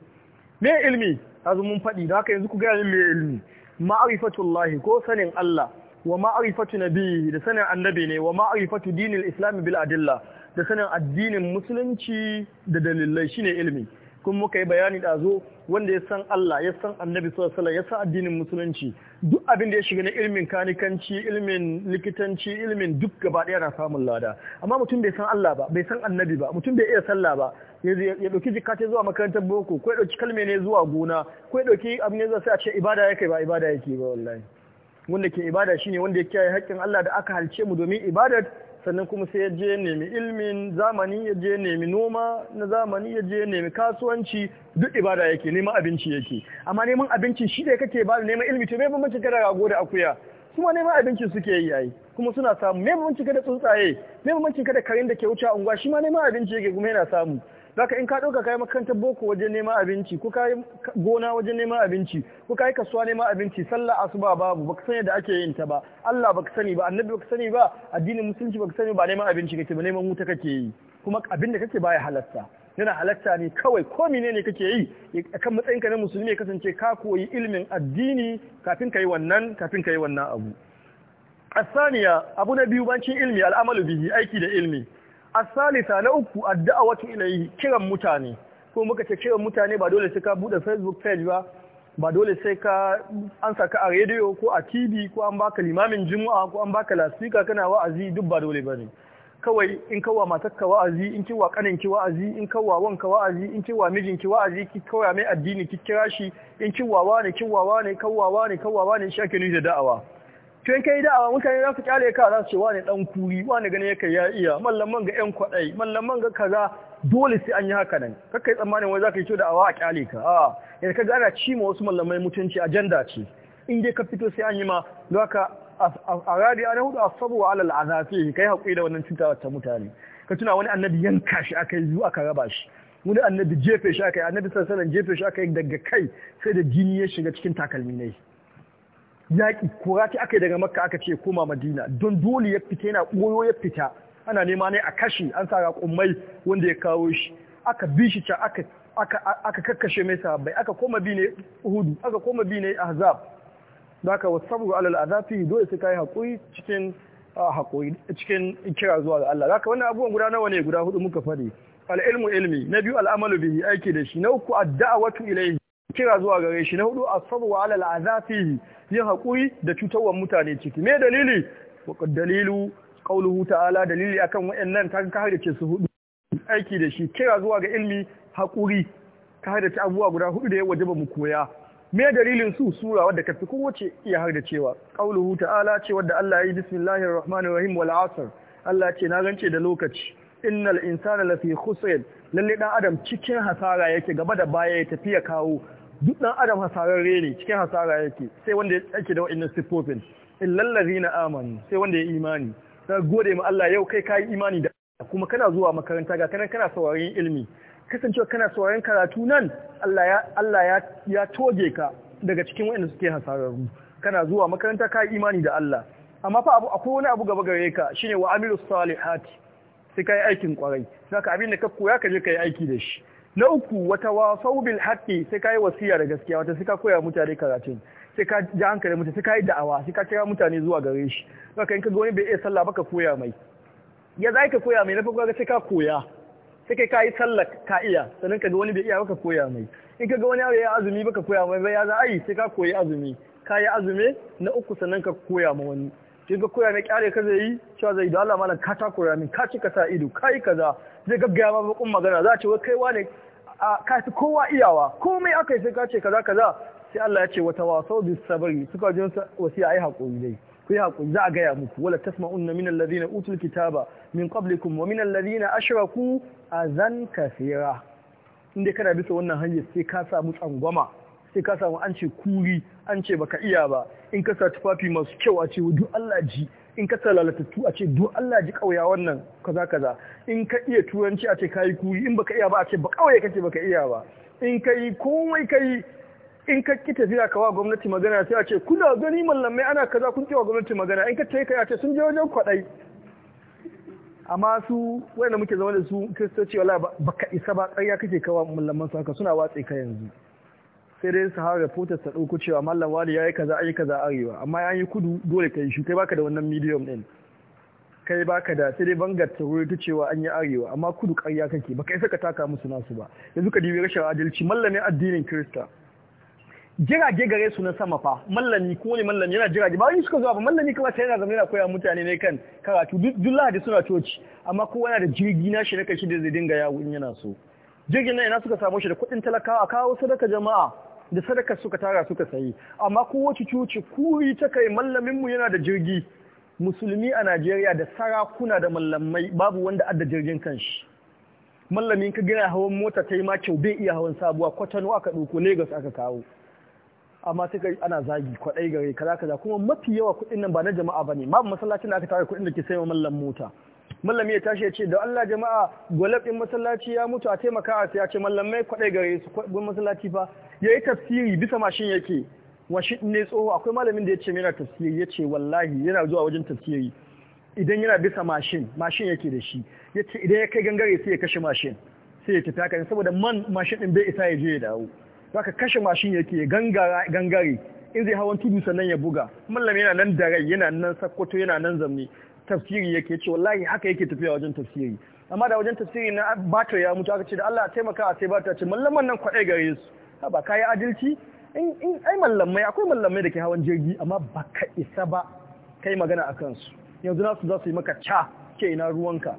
me ilmi azu mun faɗi da haka yanzu ku ga me ilmi ma'rifatullahi ko sanin Allah wa ma'rifatu nabihi da sanin annabi ne wa ma'rifatu dinil islam bil adilla da sanin addinin musulunci da dalilai shine ilimi kuma muka yi bayani da zo wanda ya san Allah ya san annabi sallallahu ya san addinin musulunci duk abin da ya shiga na ilmin kanikanci ilmin likitanci ilmin duk gaba daya na samun lada amma mutum bai san Allah ba bai san annabi ba mutum bai iya sallah ba ya dauki jikata zuwa makarantar boko ko ya dauki kalme ne zuwa gona ko ya dauki abin ne zai sai a ce ibada yake ba ibada yake ba wallahi wanda ke ibada shine wanda ya kiyaye haƙƙin Allah da aka halce mu domin ibadar sannan kuma sai ya je nemi ilmin zamani ya je nemi noma na zamani ya je nemi kasuwanci duk ibada yake neman abinci yake amma neman abinci shi da kake ba neman ilmi to me mace kada rago da akuya kuma neman abinci suke yi yayi kuma suna samu me mace kada tsuntsaye me mace kada karin da ke wuce unguwa shi ma neman abinci yake kuma yana samu zaka in ka ɗauka kayi makarantar boko wajen neman abinci ko kayi gona wajen neman abinci ko kayi kasuwa neman abinci sallah asuba babu baka sani da ake yin ta ba Allah baka sani ba annabi baka sani ba addinin musulunci baka sani ba neman abinci kake ba neman wuta kake yi kuma abin da kake baya halatta yana halatta ne kawai ko ne kake yi a kan matsayinka na musulmi ya kasance ka koyi ilimin addini kafin ka yi wannan kafin ka yi wannan abu asaniya abu na biyu bancin ilimi, al'amalu bihi aiki da ilimi. asalisa na uku addu'a wata ilayi kiran mutane ko muka ce kiran mutane ba dole sai ka bude facebook page ba ba dole sai ka an saka a rediyo ko a tv ko an baka limamin juma'a ko an baka lasika kana wa'azi duk ba dole bane kawai in kawa matarka wa'azi in kiwa kanin ki wa'azi in kawa wanka wa'azi in kiwa mijin ki wa'azi ki kawai mai addini ki kira shi in wa ne wa ne kawawa ne kawawa ne shi ake nufi da da'awa to in kai da'awa mutane za su kyale ka za su ce wani dan kuri wani gani yake ya iya mallaman ga yan kwaɗai mallaman ga kaza dole sai an yi haka nan kakai tsammanin wai za ka yi to da'awa a kyale ka a yanzu ka gana ci ma wasu mallamai mutunci ajanda ce in dai ka fito sai an yi ma za ka a radiya na hudu a wa alal azafi kai hakuri da wannan cuta ta mutane ka tuna wani annabi yanka shi aka yi aka raba shi wani annabi jefe shi aka yi annabi sallallahu jefe shi aka yi daga kai sai da jini ya shiga cikin takalmi ne yaƙi ko aka yi daga makka aka ce koma madina don dole ya fita yana ɓoyo ya fita ana nema ne a kashe an sa raƙumai wanda ya kawo shi aka bi shi can aka aka kakkashe mai sahabbai aka koma bi ne hudu aka koma bi ne ahzab da aka sabu alal azafi dole sai kai haƙuri cikin ah, haƙuri cikin kira zuwa ga Allah zaka wannan abubuwan guda nawa ne guda hudu muka fadi al ilmu ilmi na biyu al amalu bihi aiki da shi na uku ad da'watu ilayhi kira zuwa gare shi na hudu asabu wa alal azafihi yin hakuri da cutarwar mutane ciki me dalili dalilu qauluhu ta'ala dalili akan wayannan kan ka harce su hudu aiki da shi kira zuwa ga ilmi hakuri ka ta abubuwa guda hudu da ya wajaba mu koya me dalilin su sura wadda ka kafi kowace iya har da cewa qauluhu ta'ala ce wadda Allah ya yi bismillahir rahmanir rahim wal asr Allah ce na rance da lokaci innal insana lafi khusr lalle dan adam cikin hasara yake gaba da baya ya tafiya kawo duk ɗan adam hasararre ne cikin hasara yake sai wanda yake da wa'annan sifofin na amanu sai wanda ya imani ta gode ma Allah yau kai kai imani da kuma kana zuwa makaranta ga kana kana sauraron ilimi kasancewa kana sauraron karatu nan Allah ya Allah toge ka daga cikin wa'anda suke hasararru kana zuwa makaranta kai imani da Allah amma fa abu akwai wani abu gaba gare ka shine wa amilu salihati sai kai aikin kwarai saka abin da ka koya ka je kai aiki da shi na uku wata wasau bil haƙƙi, sai ka yi wasiya da gaskiya wata sai ka koya mutane karatun sai ka ji hankali mutane sai ka yi da'awa sai ka kira mutane zuwa gare shi haka in ka ga wani bai iya sallah ba ka koya mai ya za ka koya mai na farko ga sai ka koya sai kai ka yi sallah ka iya sannan kaga wani bai iya ba ka koya mai in ka ga wani ya azumi ba ka koya mai ba ya za a yi sai ka koyi azumi ka yi azumi na uku sannan ka koya ma wani kin ga koya na kyare ka zai yi cewa zai da Allah malam ka takura min ka cika sa ido kai kaza zai gaggaya ma bakun magana za ce wai kai wane ka fi kowa iyawa komai aka yi sai ka ce kaza kaza sai Allah ya ce wata wasau bis sabri suka ji wasiya ai hakuri dai ku yi hakuri za a gaya muku wala tasma'un min alladhina utul kitaba min qablikum wa min alladhina ashraku azan kafira inda kana bisa wannan hanyar sai ka samu tsangwama sai ka samu an ce kuri an ce baka iya ba in ka sa tufafi masu kyau a ce duk Allah ji in ka sa lalatattu a ce duk Allah ji kauya wannan kaza kaza in ka iya turanci a ce yi kuri in baka iya ba a ce ba kauye kace baka iya ba in ka yi komai ka yi in ka ki tafiya kawa gwamnati magana sai a ce kuna gani mallamai ana kaza kun kewa gwamnati magana in ka tayi kai a ce sun je wajen kwaɗai amma su wanda muke zama da su kristoci wala baka isa ba ƙarya kake kawa mallaman su haka suna watse ka yanzu sai dai su hawa reporter su ɗauko cewa mallam wani ya yi kaza a yi kaza arewa amma ya yi kudu dole ka yi shi kai baka da wannan medium ɗin kai baka da sai dai bangar ta wuri ta cewa an yi arewa amma kudu ƙarya kake baka isa ka taka musu nasu ba yanzu ka dibi rashin adalci mallamin addinin kirista jirage gare su na sama fa mallami ko ne mallami yana jirage ba wani suka zuwa ba mallami kawai sai yana zama yana koya mutane ne kan karatu duk lahadi suna coci amma kowa yana da jirgi na shi na kashi da zai dinga yawo in yana so jirgin nan yana suka samu shi da kuɗin talakawa kawo sadaka jama'a da sadaka suka tara suka sayi amma kowace cuci kuri ta kai mallaminmu yana da jirgi musulmi a Najeriya da sarakuna da mallamai babu wanda adda jirgin kanshi mallamin ka gina hawan mota ta yi ma kyau bai iya hawan sabuwa kwatano aka ɗauko Lagos aka kawo amma suka ana zagi kwaɗai gare kaza kaza kuma mafi yawa kuɗin nan ba na jama'a ba ne babu masallacin da aka tara kuɗin da ke sayan mallam mota mallami ya tashi ya ce da Allah jama'a gwalab din masallaci ya mutu a taimaka a ya ce mallamai kwaɗai gare su gwalab masallaci fa yayi tafsiri bisa mashin yake washi ne tsoho akwai malamin da ya ce yana tafsiri ya ce wallahi yana zuwa wajen tafsiri idan yana bisa mashin mashin yake da shi ya ce idan ya kai gangare sai ya kashe mashin sai ya tafi haka saboda man mashin din bai isa ya je ya dawo ka kashe mashin yake gangara gangare in zai hawan tudu sannan ya buga mallami yana nan da rai yana nan sakkwato yana nan zamne tafsiri yake ce wallahi haka yake tafiya wajen tafsiri amma da wajen tafsiri na bata ya mutu aka ce da Allah taimaka a sai bata ce mallaman nan kwaɗai gare su ha ba kayi adalci in in ai mallamai akwai mallamai da ke hawan jirgi amma ba ka isa ba kai magana a kansu yanzu nasu za su yi maka ca ke ina ruwanka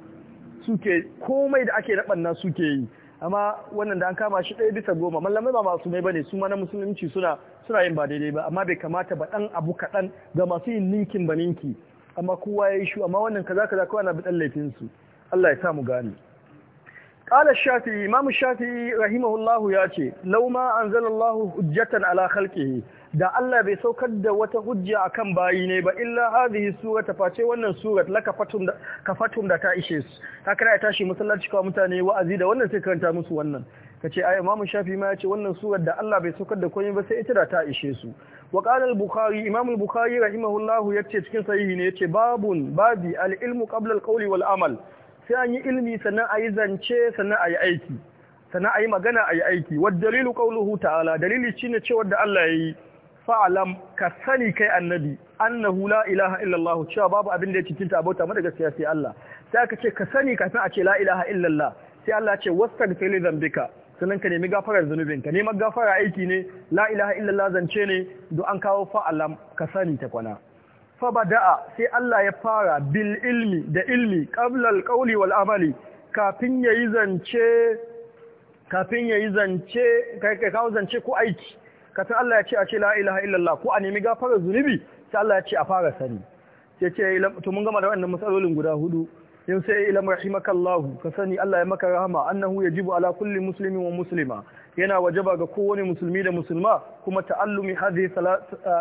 suke komai da ake na suke yi amma wannan da an kama shi ɗaya bisa goma mallamai ba masu mai bane su ma na musulunci suna suna yin ba daidai ba amma bai kamata ba ɗan abu kaɗan ga masu yin ninkin ba ninki amma kowa ya yi shu amma wannan kaza kaza kowa na bi laifin su Allah ya samu gani قال shafi امام shafi rahimahullahu ya ce lauma ما انزل الله حجه da Allah bai saukar da wata hujja akan bayi ne ba illa hadhihi surata face wannan surat laka fatum da ka fatum da ta ishe su ta ya tashi musallaci kawai mutane wa'azi da wannan sai karanta musu wannan kace ai Imam Shafi ma ya ce wannan surar da Allah bai saukar da komai ba sai ita da ta ishe su wa qala al-Bukhari Imam al-Bukhari rahimahullahu yace cikin sahihi ne yace babun babi al-ilmu qabla al-qawli wal amal sai an yi ilmi sannan ayi zance sannan ayi aiki sannan ayi magana ayi aiki wa dalilu qawluhu ta'ala dalili shine cewa da Allah yayi fa'alam ka sani kai annabi annahu la ilaha illallah cewa babu abin da ya cikin ta abota mada gaskiya sai Allah sai aka ce ka sani kafin a ce la ilaha illallah sai Allah ce wastaghfir li dhanbika sannan ka nemi gafarar zunubin ka neman gafara aiki ne la ilaha illallah zance ne don an kawo fa'alam ka sani ta kwana fa bada'a sai Allah ya fara bil ilmi da ilmi qabla al qawli wal amali kafin yayi zance kafin yayi zance kai kai kawo zance ko aiki kafin Allah ya ce a ce la ilaha illallah ko a nemi gafarar zunubi sai Allah ya ce a fara sani sai ce to mun gama da wannan matsalolin guda hudu in sai ilam rahimakallahu ka sani Allah ya maka rahama annahu yajibu ala kulli muslimin wa muslima yana wajaba ga kowane musulmi da musulma kuma ta'allumi hadhihi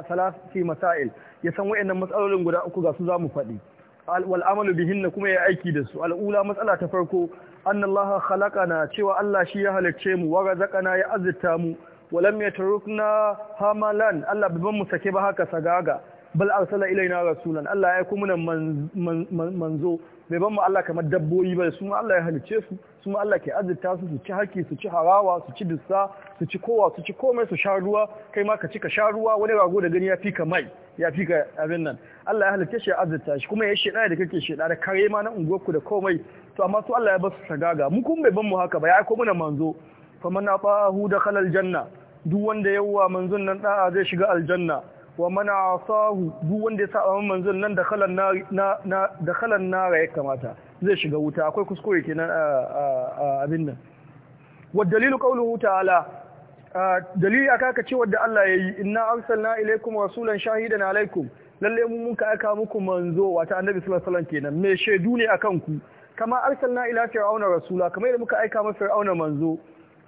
thalathati masail ya san wayannan matsalolin guda uku ga su zamu fadi wal amalu bihinna kuma ya aiki da su al'ula matsala ta farko annallaha khalaqana cewa Allah shi ya halicce mu wa razaqana ya azita mu lam yatrukna hamalan Allah bai mu sake ba haka sagaga bal arsala ilaina rasulan Allah ya kuma manzo bai ban mu Allah kamar dabbobi ba su ma Allah ya halice su su ma Allah ke azurta su su ci haki su ci harawa su ci bisa su ci kowa su ci komai su sha ruwa kai ma ka ci ka sha ruwa wani rago da gani ya fi ka mai ya fi ka abin nan Allah ya halice shi ya azurta shi kuma ya sheda da kake sheda da kare ma na unguwarku da komai to amma su Allah ya ba su sagaga mu kun bai ban mu haka ba ya aiko mana manzo faman na hu da khalal janna duk wanda yawa manzon nan da'a zai shiga aljanna wa mana asahu duk wanda ya saba manzon nan da khalan na na da khalan kamata zai shiga wuta akwai kuskure kenan a abin nan wa dalilu qawluhu ta'ala dalili aka ka ce wanda Allah yayi inna arsalna ilaykum rasulan shahidan alaykum lalle mun muka aka muku manzo wata annabi sallallahu alaihi wasallam kenan me shaidu ne akan ku kama arsalna ila fir'auna rasula kamar yadda muka aika masa fir'auna manzo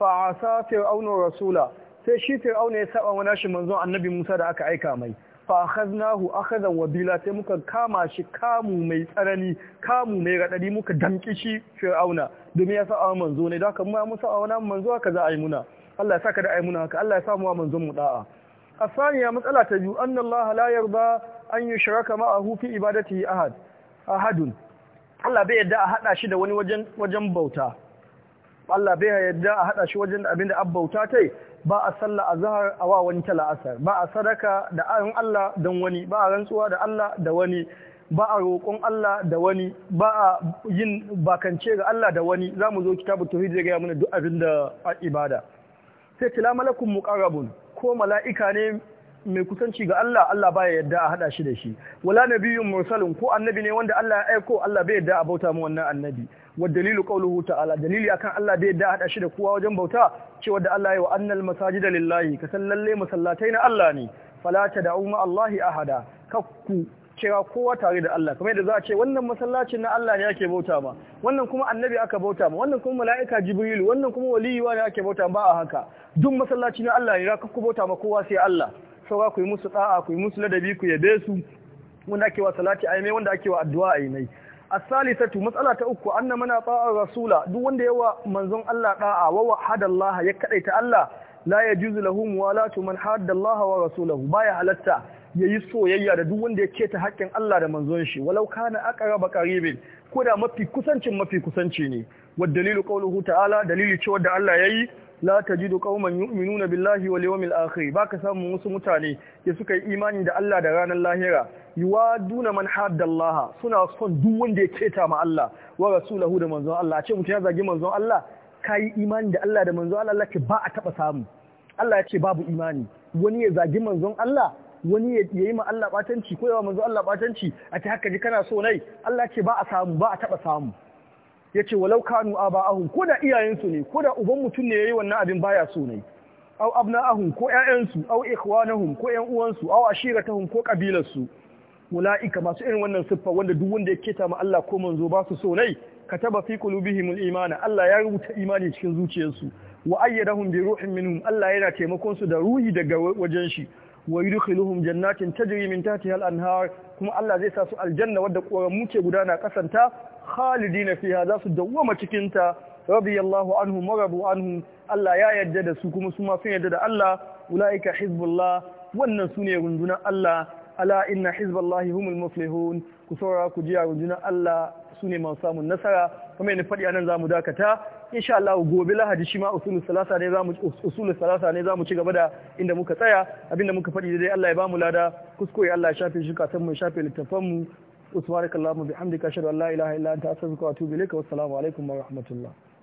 fa asa fir'auna rasula sai shi fir'auna ya saba wani shi manzon annabi Musa da aka aika mai fa akhadnahu akhadan wabila sai muka kama shi kamu mai tsarani kamu mai radadi muka damki shi fir'auna domin ya saba manzo ne da haka mu mun saba wani manzo haka za a yi muna Allah ya saka da ayi muna haka Allah ya sa mu manzon mu da'a asaniya matsala ta biyu annallaha la yarda an yushraka ma'ahu fi ibadatihi ahad ahadun Allah bai yadda a hada shi da wani wajen wajen bauta Allah bai yadda a hada shi wajen abin da abbauta yi. ba a sallah azhar a wa wani ta la'asar ba a sadaka da ayon Allah don wani ba a rantsuwa da Allah da wani ba a roƙon Allah da wani ba a yin bakance ga Allah da wani za mu zo kitabu tauhid zai gaya mana duk abin da a ibada sai tila malakun muqarrabun ko mala'ika ne mai kusanci ga Allah Allah baya yadda a hada shi da shi wala nabiyyun mursalun ko annabi ne wanda Allah ya aiko Allah bai yadda a bauta mu wannan annabi wa dalilu qawluhu ta'ala dalili akan Allah da yadda hada shi da kowa wajen bauta cewa da Allah ya wa annal masajida lillahi ka sallalle masallatai na Allah ne fala tad'u ma Allahi ahada kakku cewa kowa tare da Allah kamar yadda za a ce wannan masallacin na Allah ne ake bauta ma wannan kuma annabi aka bauta ma wannan kuma mala'ika jibril wannan kuma waliyuwa ne ake bauta ba a haka duk masallaci na Allah ne ka bauta ma kowa sai Allah saura ku yi musu da'a ku yi musu ladabi ku yabe su wanda ake wa salati yi mai wanda ake wa addu'a ayi mai as-salisatu mas'ala ta uku anna mana ta'a rasula duk wanda yawa manzon Allah da'a wa wahadallaha ya kadaita Allah la yajuzu lahu muwalatu man haddallaha wa rasulahu baya halatta yayi soyayya da duk wanda ya keta haƙƙin Allah da manzon shi walau kana aqraba qaribin ko da mafi kusancin mafi kusanci ne wa dalilu qawluhu ta'ala dalili cewa da Allah yayi la tajidu qauman yu'minuna billahi wal yawmil akhir baka samu wasu mutane ke suka yi imani da Allah da ranar lahira yuwaduna man haddallaha suna son duk wanda ya keta ma Allah wa rasuluhu da manzon Allah a ce mutum ya zagi manzon Allah kai imani da Allah da manzon Allah Allah ce ba a taba samu Allah ya ce babu imani wani ya zagi manzon Allah wani ya yi ma Allah batanci ko yawa manzon Allah batanci a ce haka ji kana so nai Allah ce ba a samu ba a taba samu Ya yace walau kanu ahu. ko da iyayensu ne ko da uban mutum ne ya yi wannan abin baya so ne Abna abna'ahum ko ƴaƴansu au ikhwanahum ko ƴan uwansu au ashiratahum ko kabilarsu mula'ika masu irin wannan siffa wanda duk wanda ya keta ma Allah ko manzo ba su so ne kataba fi qulubihimul imana Allah ya rubuta imani cikin zuciyarsu wa ayyadahum bi ruhin minhum Allah yana taimakon su da ruhi daga wajen shi wa yudkhiluhum jannatin tajri min tahtiha al-anhar kuma Allah zai sa su aljanna wadda koran muke gudana kasanta na fiya za su dawwama cikin ta radiyallahu anhu marabu anhu Allah ya yarda da su kuma su ma sun yarda da Allah ulaika hizbullah wannan su ne rundunar Allah ala inna hizballahi humul muflihun ku saura ku jiya rundunar Allah su ne masu samun nasara kuma yana fadi anan zamu dakata insha Allah gobe Lahadi shi ma usulul salasa ne zamu usulul ci gaba da inda muka tsaya abinda muka faɗi dai Allah ya bamu lada kuskure Allah ya shafe shi kasan mu shafe littafan mu subhanakallahumma bihamdika ashhadu an la ilaha illa anta astaghfiruka wa atubu ilaik wa assalamu alaikum wa rahmatullah